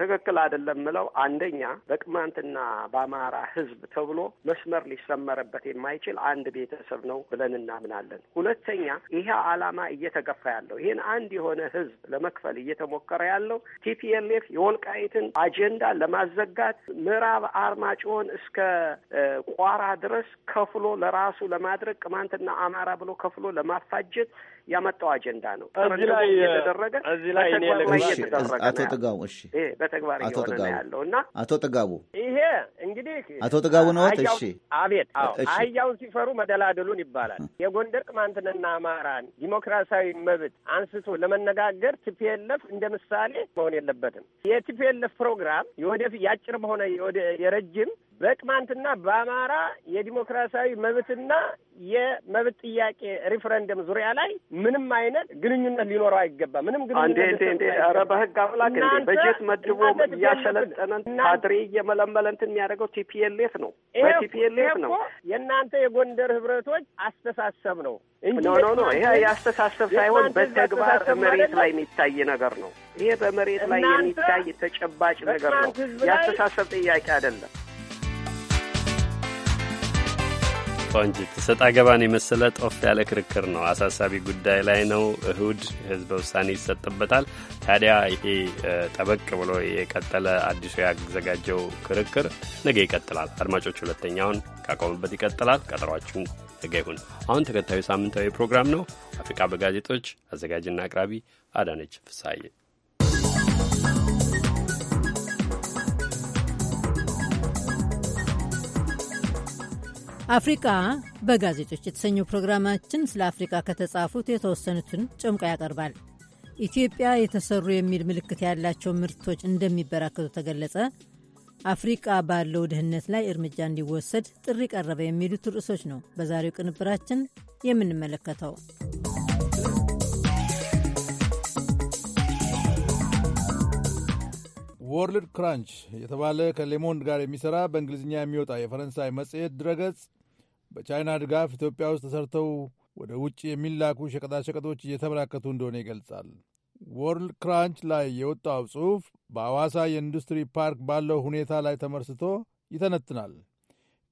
ትክክል አይደለም ምለው አንደኛ በቅማንትና በአማራ ህዝብ ተብሎ መስመር ሊሰመርበት የማይችል አንድ ቤተሰብ ነው ብለን እናምናለን። ሁለተኛ ይሄ አላማ እየተገፋ ያለው ይህን አንድ የሆነ ህዝብ ለመክፈል እየተሞከረ ያለው ቲፒኤልኤፍ የወልቃይትን አጀንዳ ለማዘጋት ምዕራብ አርማጭሆን እስከ ቋራ ድረስ ከፍሎ ለራሱ ለማድረግ ቅማንትና አማራ ብሎ ከፍሎ ለማፋጀት ያመጣው አጀንዳ ነው። እዚህ ላይ የተደረገ እዚህ ላይ አቶ ጥጋቡ እሺ፣ በተግባር እየሆነ ያለው እና አቶ ጥጋቡ ይሄ እንግዲህ አቶ ጥጋቡ ነዎት? እሺ፣ አቤት። አህያውን ሲፈሩ መደላደሉን ይባላል። የጎንደር ቅማንትንና አማራን ዲሞክራሲያዊ መብት አንስቶ ለመነጋገር ቲፒኤልኤፍ እንደ ምሳሌ መሆን የለበትም። የቲፒኤልኤፍ ፕሮግራም የወደፊት ያጭር በሆነ የረጅም በቅማንትና በአማራ የዲሞክራሲያዊ መብትና የመብት ጥያቄ ሪፍረንደም ዙሪያ ላይ ምንም አይነት ግንኙነት ሊኖረው አይገባም። ምንም ግንኙነት ኧረ በህግ አምላክ እንዴ! በጀት መድቦ እያሰለጠነን ካድሬ እየመለመለ እንትን የሚያደርገው ቲፒኤልኤፍ ነው፣ በቲፒኤልኤፍ ነው። የእናንተ የጎንደር ህብረቶች አስተሳሰብ ነው እንጂ ኖ ኖ፣ ይሄ የአስተሳሰብ ሳይሆን በተግባር መሬት ላይ የሚታይ ነገር ነው። ይሄ በመሬት ላይ የሚታይ ተጨባጭ ነገር ነው። የአስተሳሰብ ጥያቄ አይደለም። ቆንጂት ሰጣ ገባን የመሰለ ጦፍ ያለ ክርክር ነው። አሳሳቢ ጉዳይ ላይ ነው። እሁድ ህዝበ ውሳኔ ይሰጥበታል። ታዲያ ይሄ ጠበቅ ብሎ የቀጠለ አዲሱ ያዘጋጀው ክርክር ነገ ይቀጥላል። አድማጮች ሁለተኛውን ካቆምበት ይቀጥላል። ቀጠሯችሁን ነገ ይሁን። አሁን ተከታዩ ሳምንታዊ ፕሮግራም ነው። አፍሪቃ በጋዜጦች አዘጋጅና አቅራቢ አዳነች ፍሳዬ አፍሪቃ በጋዜጦች የተሰኘው ፕሮግራማችን ስለ አፍሪቃ ከተጻፉት የተወሰኑትን ጨምቆ ያቀርባል። ኢትዮጵያ የተሰሩ የሚል ምልክት ያላቸው ምርቶች እንደሚበራከቱ ተገለጸ፣ አፍሪቃ ባለው ድህነት ላይ እርምጃ እንዲወሰድ ጥሪ ቀረበ የሚሉት ርዕሶች ነው በዛሬው ቅንብራችን የምንመለከተው። ወርልድ ክራንች የተባለ ከሌሞንድ ጋር የሚሰራ በእንግሊዝኛ የሚወጣ የፈረንሳይ መጽሔት ድረገጽ በቻይና ድጋፍ ኢትዮጵያ ውስጥ ተሰርተው ወደ ውጭ የሚላኩ ሸቀጣሸቀጦች እየተበራከቱ እንደሆነ ይገልጻል። ወርልድ ክራንች ላይ የወጣው ጽሑፍ በአዋሳ የኢንዱስትሪ ፓርክ ባለው ሁኔታ ላይ ተመርስቶ ይተነትናል።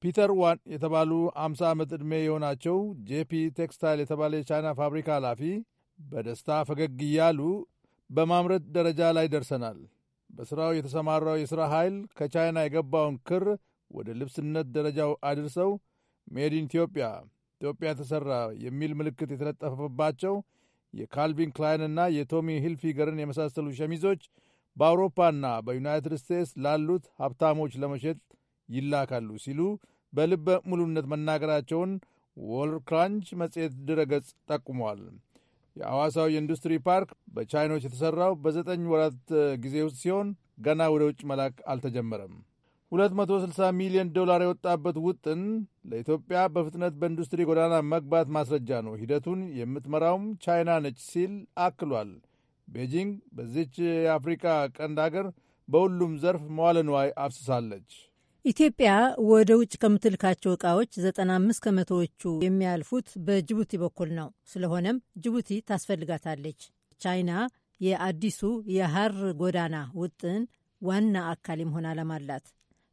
ፒተር ዋን የተባሉ 50 ዓመት ዕድሜ የሆናቸው ጄፒ ቴክስታይል የተባለ የቻይና ፋብሪካ ኃላፊ በደስታ ፈገግ እያሉ በማምረት ደረጃ ላይ ደርሰናል። በሥራው የተሰማራው የሥራ ኃይል ከቻይና የገባውን ክር ወደ ልብስነት ደረጃው አድርሰው ሜድ ኢን ኢትዮጵያ ኢትዮጵያ ተሠራ የሚል ምልክት የተለጠፈባቸው የካልቪን ክላይንና የቶሚ ሂልፊገርን የመሳሰሉ ሸሚዞች በአውሮፓና በዩናይትድ ስቴትስ ላሉት ሀብታሞች ለመሸጥ ይላካሉ ሲሉ በልበ ሙሉነት መናገራቸውን ወርልድ ክራንች መጽሔት ድረገጽ ጠቁሟል። የሐዋሳው የኢንዱስትሪ ፓርክ በቻይኖች የተሠራው በዘጠኝ ወራት ጊዜ ውስጥ ሲሆን ገና ወደ ውጭ መላክ አልተጀመረም። 260 ሚሊዮን ዶላር የወጣበት ውጥን ለኢትዮጵያ በፍጥነት በኢንዱስትሪ ጎዳና መግባት ማስረጃ ነው። ሂደቱን የምትመራውም ቻይና ነች ሲል አክሏል። ቤጂንግ በዚች የአፍሪካ ቀንድ ሀገር በሁሉም ዘርፍ መዋለ ንዋይ አፍስሳለች። ኢትዮጵያ ወደ ውጭ ከምትልካቸው ዕቃዎች 95 ከመቶዎቹ የሚያልፉት በጅቡቲ በኩል ነው። ስለሆነም ጅቡቲ ታስፈልጋታለች። ቻይና የአዲሱ የሐር ጎዳና ውጥን ዋና አካል የመሆን ዓላማ አላት።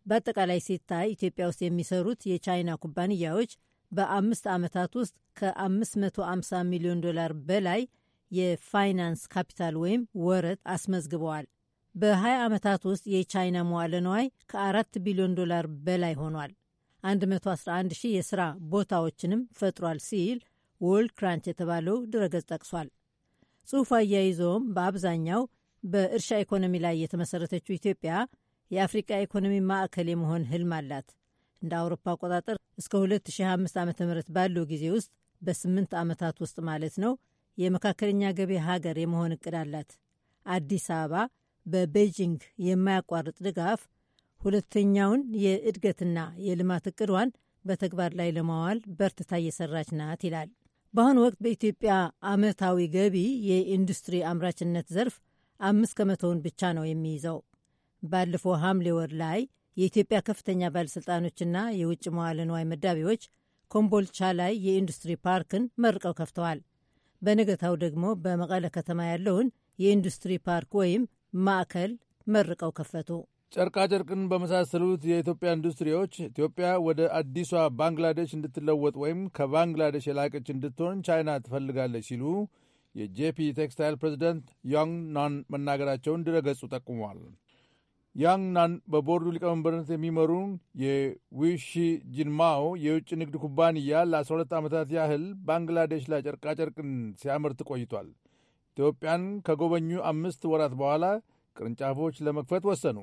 በአጠቃላይ ሲታይ ኢትዮጵያ ውስጥ የሚሰሩት የቻይና ኩባንያዎች በአምስት ዓመታት ውስጥ ከ550 ሚሊዮን ዶላር በላይ የፋይናንስ ካፒታል ወይም ወረት አስመዝግበዋል። በ20 ዓመታት ውስጥ የቻይና መዋለ ነዋይ ከ4 ቢሊዮን ዶላር በላይ ሆኗል። 111 ሺህ የሥራ ቦታዎችንም ፈጥሯል ሲል ወርልድ ክራንች የተባለው ድረገጽ ጠቅሷል። ጽሑፍ አያይዞም በአብዛኛው በእርሻ ኢኮኖሚ ላይ የተመሠረተችው ኢትዮጵያ የአፍሪቃ ኢኮኖሚ ማዕከል የመሆን ህልም አላት። እንደ አውሮፓ አቆጣጠር እስከ 2025 ዓ ም ባለው ጊዜ ውስጥ በስምንት ዓመታት ውስጥ ማለት ነው የመካከለኛ ገቢ ሀገር የመሆን እቅድ አላት። አዲስ አበባ በቤጂንግ የማያቋርጥ ድጋፍ ሁለተኛውን የእድገትና የልማት እቅዷን በተግባር ላይ ለማዋል በርትታ እየሰራች ናት ይላል። በአሁኑ ወቅት በኢትዮጵያ አመታዊ ገቢ የኢንዱስትሪ አምራችነት ዘርፍ አምስት ከመቶውን ብቻ ነው የሚይዘው። ባለፈው ሐምሌ ወር ላይ የኢትዮጵያ ከፍተኛ ባለሥልጣኖችና የውጭ መዋለ ንዋይ መዳቢዎች ኮምቦልቻ ላይ የኢንዱስትሪ ፓርክን መርቀው ከፍተዋል። በነገታው ደግሞ በመቀለ ከተማ ያለውን የኢንዱስትሪ ፓርክ ወይም ማዕከል መርቀው ከፈቱ። ጨርቃጨርቅን በመሳሰሉት የኢትዮጵያ ኢንዱስትሪዎች ኢትዮጵያ ወደ አዲሷ ባንግላዴሽ እንድትለወጥ ወይም ከባንግላዴሽ የላቀች እንድትሆን ቻይና ትፈልጋለች ሲሉ የጄፒ ቴክስታይል ፕሬዚደንት ዮንግ ናን መናገራቸውን ድረገጹ ጠቁሟል። ያንግናን በቦርዱ ሊቀመንበርነት የሚመሩን የዊሺ ጅንማው የውጭ ንግድ ኩባንያ ለ12 ዓመታት ያህል ባንግላዴሽ ላይ ጨርቃጨርቅን ሲያመርት ቆይቷል። ኢትዮጵያን ከጎበኙ አምስት ወራት በኋላ ቅርንጫፎች ለመክፈት ወሰኑ።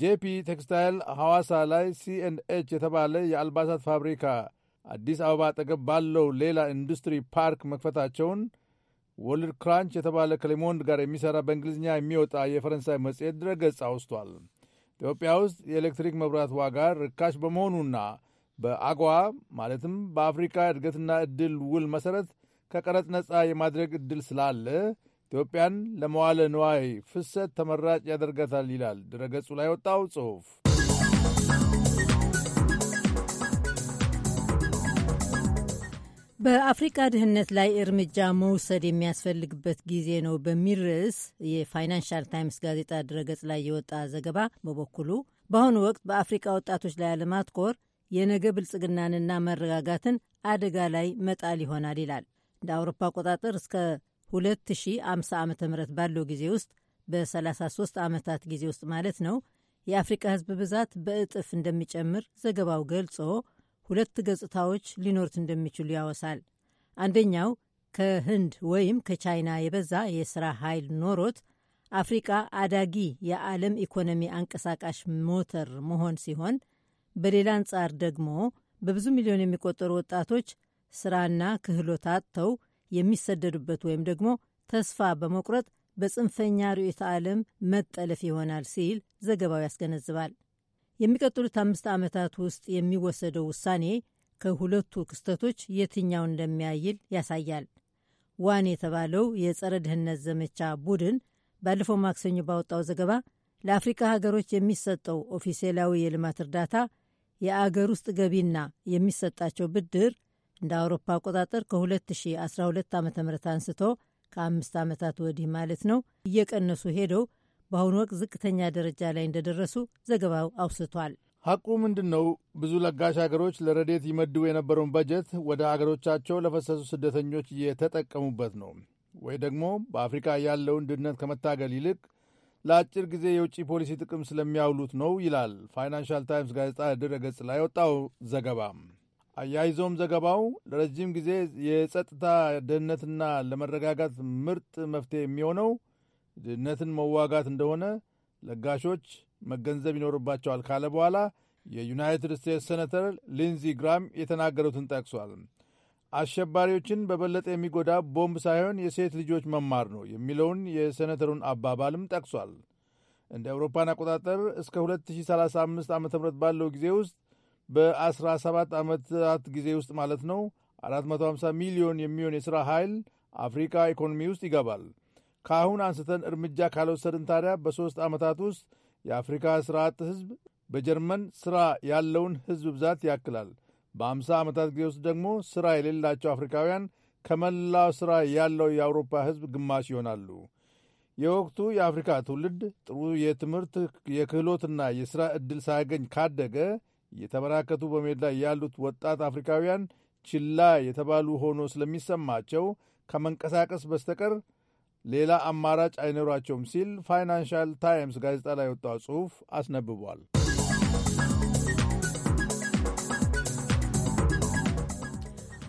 ጄፒ ቴክስታይል ሐዋሳ ላይ ሲኤንኤች የተባለ የአልባሳት ፋብሪካ አዲስ አበባ አጠገብ ባለው ሌላ ኢንዱስትሪ ፓርክ መክፈታቸውን ወርልድ ክራንች የተባለ ከሌሞንድ ጋር የሚሠራ በእንግሊዝኛ የሚወጣ የፈረንሳይ መጽሔት ገጽ አውስቷል። ኢትዮጵያ ውስጥ የኤሌክትሪክ መብራት ዋጋ ርካሽ በመሆኑና በአጓ ማለትም በአፍሪካ እድገትና ዕድል ውል መሠረት ከቀረጥ ነጻ የማድረግ ዕድል ስላለ ኢትዮጵያን ለመዋለ ንዋይ ፍሰት ተመራጭ ያደርጋታል ይላል ድረገጹ ላይ ወጣው ጽሑፍ። በአፍሪቃ ድህነት ላይ እርምጃ መውሰድ የሚያስፈልግበት ጊዜ ነው በሚል ርዕስ የፋይናንሻል ታይምስ ጋዜጣ ድረገጽ ላይ የወጣ ዘገባ በበኩሉ በአሁኑ ወቅት በአፍሪቃ ወጣቶች ላይ አለማትኮር የነገ ብልጽግናንና መረጋጋትን አደጋ ላይ መጣል ይሆናል ይላል። እንደ አውሮፓ አቆጣጠር እስከ 2050 ዓ ም ባለው ጊዜ ውስጥ በ33 ዓመታት ጊዜ ውስጥ ማለት ነው የአፍሪቃ ህዝብ ብዛት በእጥፍ እንደሚጨምር ዘገባው ገልጾ ሁለት ገጽታዎች ሊኖሩት እንደሚችሉ ያወሳል። አንደኛው ከህንድ ወይም ከቻይና የበዛ የሥራ ኃይል ኖሮት አፍሪቃ አዳጊ የዓለም ኢኮኖሚ አንቀሳቃሽ ሞተር መሆን ሲሆን፣ በሌላ አንጻር ደግሞ በብዙ ሚሊዮን የሚቆጠሩ ወጣቶች ስራና ክህሎት አጥተው የሚሰደዱበት ወይም ደግሞ ተስፋ በመቁረጥ በጽንፈኛ ርዕዮተ ዓለም መጠለፍ ይሆናል ሲል ዘገባው ያስገነዝባል። የሚቀጥሉት አምስት ዓመታት ውስጥ የሚወሰደው ውሳኔ ከሁለቱ ክስተቶች የትኛውን እንደሚያይል ያሳያል። ዋን የተባለው የጸረ ድህነት ዘመቻ ቡድን ባለፈው ማክሰኞ ባወጣው ዘገባ ለአፍሪካ ሀገሮች የሚሰጠው ኦፊሴላዊ የልማት እርዳታ የአገር ውስጥ ገቢና የሚሰጣቸው ብድር እንደ አውሮፓ አቆጣጠር ከ2012 ዓ ም አንስቶ ከአምስት ዓመታት ወዲህ ማለት ነው እየቀነሱ ሄደው በአሁኑ ወቅት ዝቅተኛ ደረጃ ላይ እንደደረሱ ዘገባው አውስቷል። ሐቁ ምንድን ነው? ብዙ ለጋሽ ሀገሮች ለረዴት ይመድቡ የነበረውን በጀት ወደ ሀገሮቻቸው ለፈሰሱ ስደተኞች እየተጠቀሙበት ነው ወይ ደግሞ በአፍሪካ ያለውን ድህነት ከመታገል ይልቅ ለአጭር ጊዜ የውጭ ፖሊሲ ጥቅም ስለሚያውሉት ነው ይላል ፋይናንሻል ታይምስ ጋዜጣ ድረገጽ ላይ ወጣው ዘገባ። አያይዞም ዘገባው ለረጅም ጊዜ የጸጥታ ደህንነትና ለመረጋጋት ምርጥ መፍትሄ የሚሆነው ድህነትን መዋጋት እንደሆነ ለጋሾች መገንዘብ ይኖርባቸዋል ካለ በኋላ የዩናይትድ ስቴትስ ሴነተር ሊንዚ ግራም የተናገሩትን ጠቅሷል። አሸባሪዎችን በበለጠ የሚጎዳ ቦምብ ሳይሆን የሴት ልጆች መማር ነው የሚለውን የሴነተሩን አባባልም ጠቅሷል። እንደ አውሮፓን አቆጣጠር እስከ 2035 ዓ ም ባለው ጊዜ ውስጥ በ17 ዓመታት ጊዜ ውስጥ ማለት ነው 450 ሚሊዮን የሚሆን የሥራ ኃይል አፍሪካ ኢኮኖሚ ውስጥ ይገባል። ከአሁን አንስተን እርምጃ ካልወሰድን ታዲያ በሦስት ዓመታት ውስጥ የአፍሪካ ሥራ አጥ ሕዝብ በጀርመን ሥራ ያለውን ሕዝብ ብዛት ያክላል። በአምሳ ዓመታት ጊዜ ውስጥ ደግሞ ሥራ የሌላቸው አፍሪካውያን ከመላው ሥራ ያለው የአውሮፓ ሕዝብ ግማሽ ይሆናሉ። የወቅቱ የአፍሪካ ትውልድ ጥሩ የትምህርት የክህሎትና የሥራ ዕድል ሳያገኝ ካደገ እየተበራከቱ በመሄድ ላይ ያሉት ወጣት አፍሪካውያን ችላ የተባሉ ሆኖ ስለሚሰማቸው ከመንቀሳቀስ በስተቀር ሌላ አማራጭ አይኖራቸውም ሲል ፋይናንሻል ታይምስ ጋዜጣ ላይ ወጣ ጽሑፍ አስነብቧል።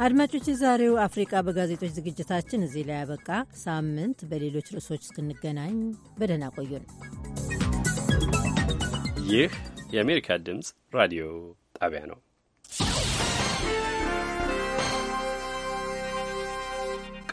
አድማጮች፣ የዛሬው አፍሪቃ በጋዜጦች ዝግጅታችን እዚህ ላይ ያበቃ። ሳምንት በሌሎች ርዕሶች እስክንገናኝ በደህና ቆዩን። ይህ የአሜሪካ ድምፅ ራዲዮ ጣቢያ ነው።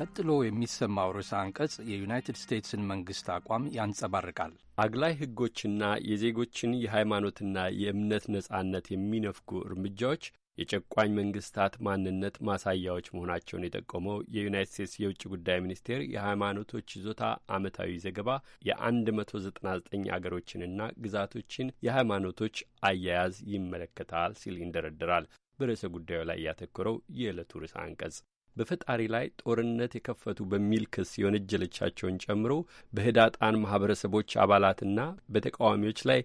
ቀጥሎ የሚሰማው ርዕሰ አንቀጽ የዩናይትድ ስቴትስን መንግሥት አቋም ያንጸባርቃል። አግላይ ሕጎችና የዜጎችን የሃይማኖትና የእምነት ነጻነት የሚነፍጉ እርምጃዎች የጨቋኝ መንግስታት ማንነት ማሳያዎች መሆናቸውን የጠቆመው የዩናይት ስቴትስ የውጭ ጉዳይ ሚኒስቴር የሃይማኖቶች ይዞታ ዓመታዊ ዘገባ የ199 አገሮችንና ግዛቶችን የሃይማኖቶች አያያዝ ይመለከታል ሲል ይንደረድራል። በርዕሰ ጉዳዩ ላይ ያተኮረው የዕለቱ ርዕሰ አንቀጽ በፈጣሪ ላይ ጦርነት የከፈቱ በሚል ክስ የወነጀለቻቸውን ጨምሮ በህዳጣን ማህበረሰቦች አባላትና በተቃዋሚዎች ላይ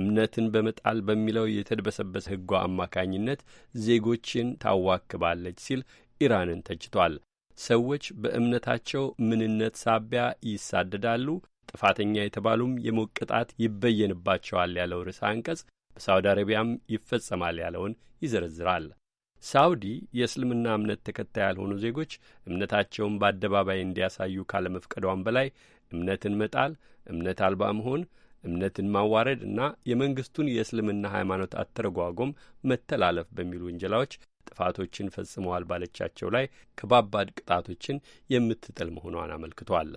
እምነትን በመጣል በሚለው የተድበሰበሰ ሕጓ አማካኝነት ዜጎችን ታዋክባለች ሲል ኢራንን ተችቷል። ሰዎች በእምነታቸው ምንነት ሳቢያ ይሳደዳሉ፣ ጥፋተኛ የተባሉም የሞት ቅጣት ይበየንባቸዋል ያለው ርዕሰ አንቀጽ በሳውዲ አረቢያም ይፈጸማል ያለውን ይዘረዝራል። ሳውዲ የእስልምና እምነት ተከታይ ያልሆኑ ዜጎች እምነታቸውን በአደባባይ እንዲያሳዩ ካለመፍቀዷን በላይ እምነትን መጣል፣ እምነት አልባ መሆን፣ እምነትን ማዋረድ እና የመንግስቱን የእስልምና ሃይማኖት አተረጓጎም መተላለፍ በሚሉ ውንጀላዎች ጥፋቶችን ፈጽመዋል ባለቻቸው ላይ ከባባድ ቅጣቶችን የምትጥል መሆኗን አመልክቷል።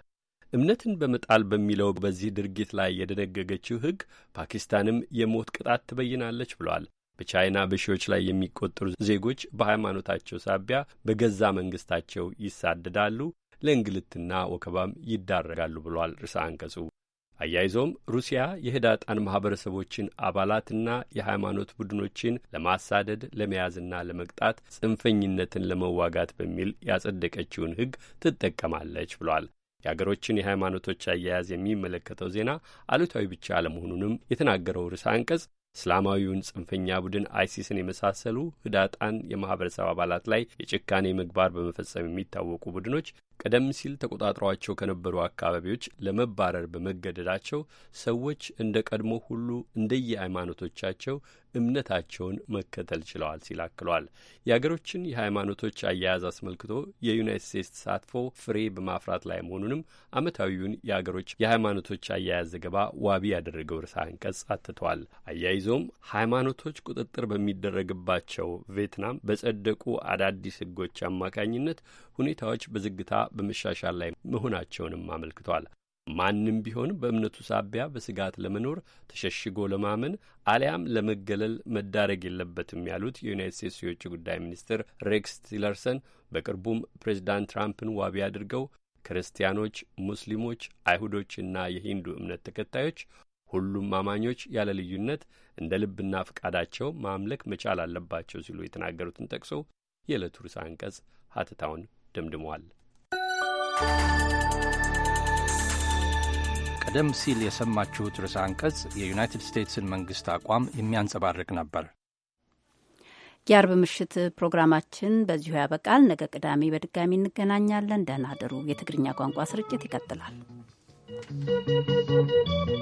እምነትን በመጣል በሚለው በዚህ ድርጊት ላይ የደነገገችው ሕግ ፓኪስታንም የሞት ቅጣት ትበይናለች ብሏል። በቻይና በሺዎች ላይ የሚቆጠሩ ዜጎች በሃይማኖታቸው ሳቢያ በገዛ መንግስታቸው ይሳደዳሉ፣ ለእንግልትና ወከባም ይዳረጋሉ ብሏል ርዕሰ አንቀጹ። አያይዞም ሩሲያ የህዳጣን ማኅበረሰቦችን አባላትና የሃይማኖት ቡድኖችን ለማሳደድ ለመያዝና ለመቅጣት ጽንፈኝነትን ለመዋጋት በሚል ያጸደቀችውን ሕግ ትጠቀማለች ብሏል። የአገሮችን የሃይማኖቶች አያያዝ የሚመለከተው ዜና አሉታዊ ብቻ አለመሆኑንም የተናገረው ርዕሰ አንቀጽ እስላማዊውን ጽንፈኛ ቡድን አይሲስን የመሳሰሉ ህዳጣን የማህበረሰብ አባላት ላይ የጭካኔ ምግባር በመፈጸም የሚታወቁ ቡድኖች ቀደም ሲል ተቆጣጥሯቸው ከነበሩ አካባቢዎች ለመባረር በመገደዳቸው ሰዎች እንደ ቀድሞ ሁሉ እንደየ ሃይማኖቶቻቸው እምነታቸውን መከተል ችለዋል ሲል አክሏል። የሃይማኖቶች አያያዝ አስመልክቶ የዩናይት ስቴትስ ተሳትፎ ፍሬ በማፍራት ላይ መሆኑንም ዓመታዊውን የሀገሮች የሃይማኖቶች አያያዝ ዘገባ ዋቢ ያደረገው ርዕሰ አንቀጽ አትተዋል። አያይዞም ሃይማኖቶች ቁጥጥር በሚደረግባቸው ቬትናም በጸደቁ አዳዲስ ሕጎች አማካኝነት ሁኔታዎች በዝግታ በመሻሻል ላይ መሆናቸውንም አመልክቷል። ማንም ቢሆን በእምነቱ ሳቢያ በስጋት ለመኖር ተሸሽጎ ለማመን አሊያም ለመገለል መዳረግ የለበትም ያሉት የዩናይት ስቴትስ የውጭ ጉዳይ ሚኒስትር ሬክስ ቲለርሰን በቅርቡም ፕሬዚዳንት ትራምፕን ዋቢ አድርገው ክርስቲያኖች፣ ሙስሊሞች፣ አይሁዶችና የሂንዱ እምነት ተከታዮች ሁሉም አማኞች ያለ ልዩነት እንደ ልብና ፈቃዳቸው ማምለክ መቻል አለባቸው ሲሉ የተናገሩትን ጠቅሶ የዕለቱ ርዕሰ አንቀጽ ሀተታውን ደምድመዋል። ቀደም ሲል የሰማችሁት ርዕሰ አንቀጽ የዩናይትድ ስቴትስን መንግስት አቋም የሚያንጸባርቅ ነበር። የአርብ ምሽት ፕሮግራማችን በዚሁ ያበቃል። ነገ ቅዳሜ በድጋሚ እንገናኛለን። ደህና ደሩ። የትግርኛ ቋንቋ ስርጭት ይቀጥላል።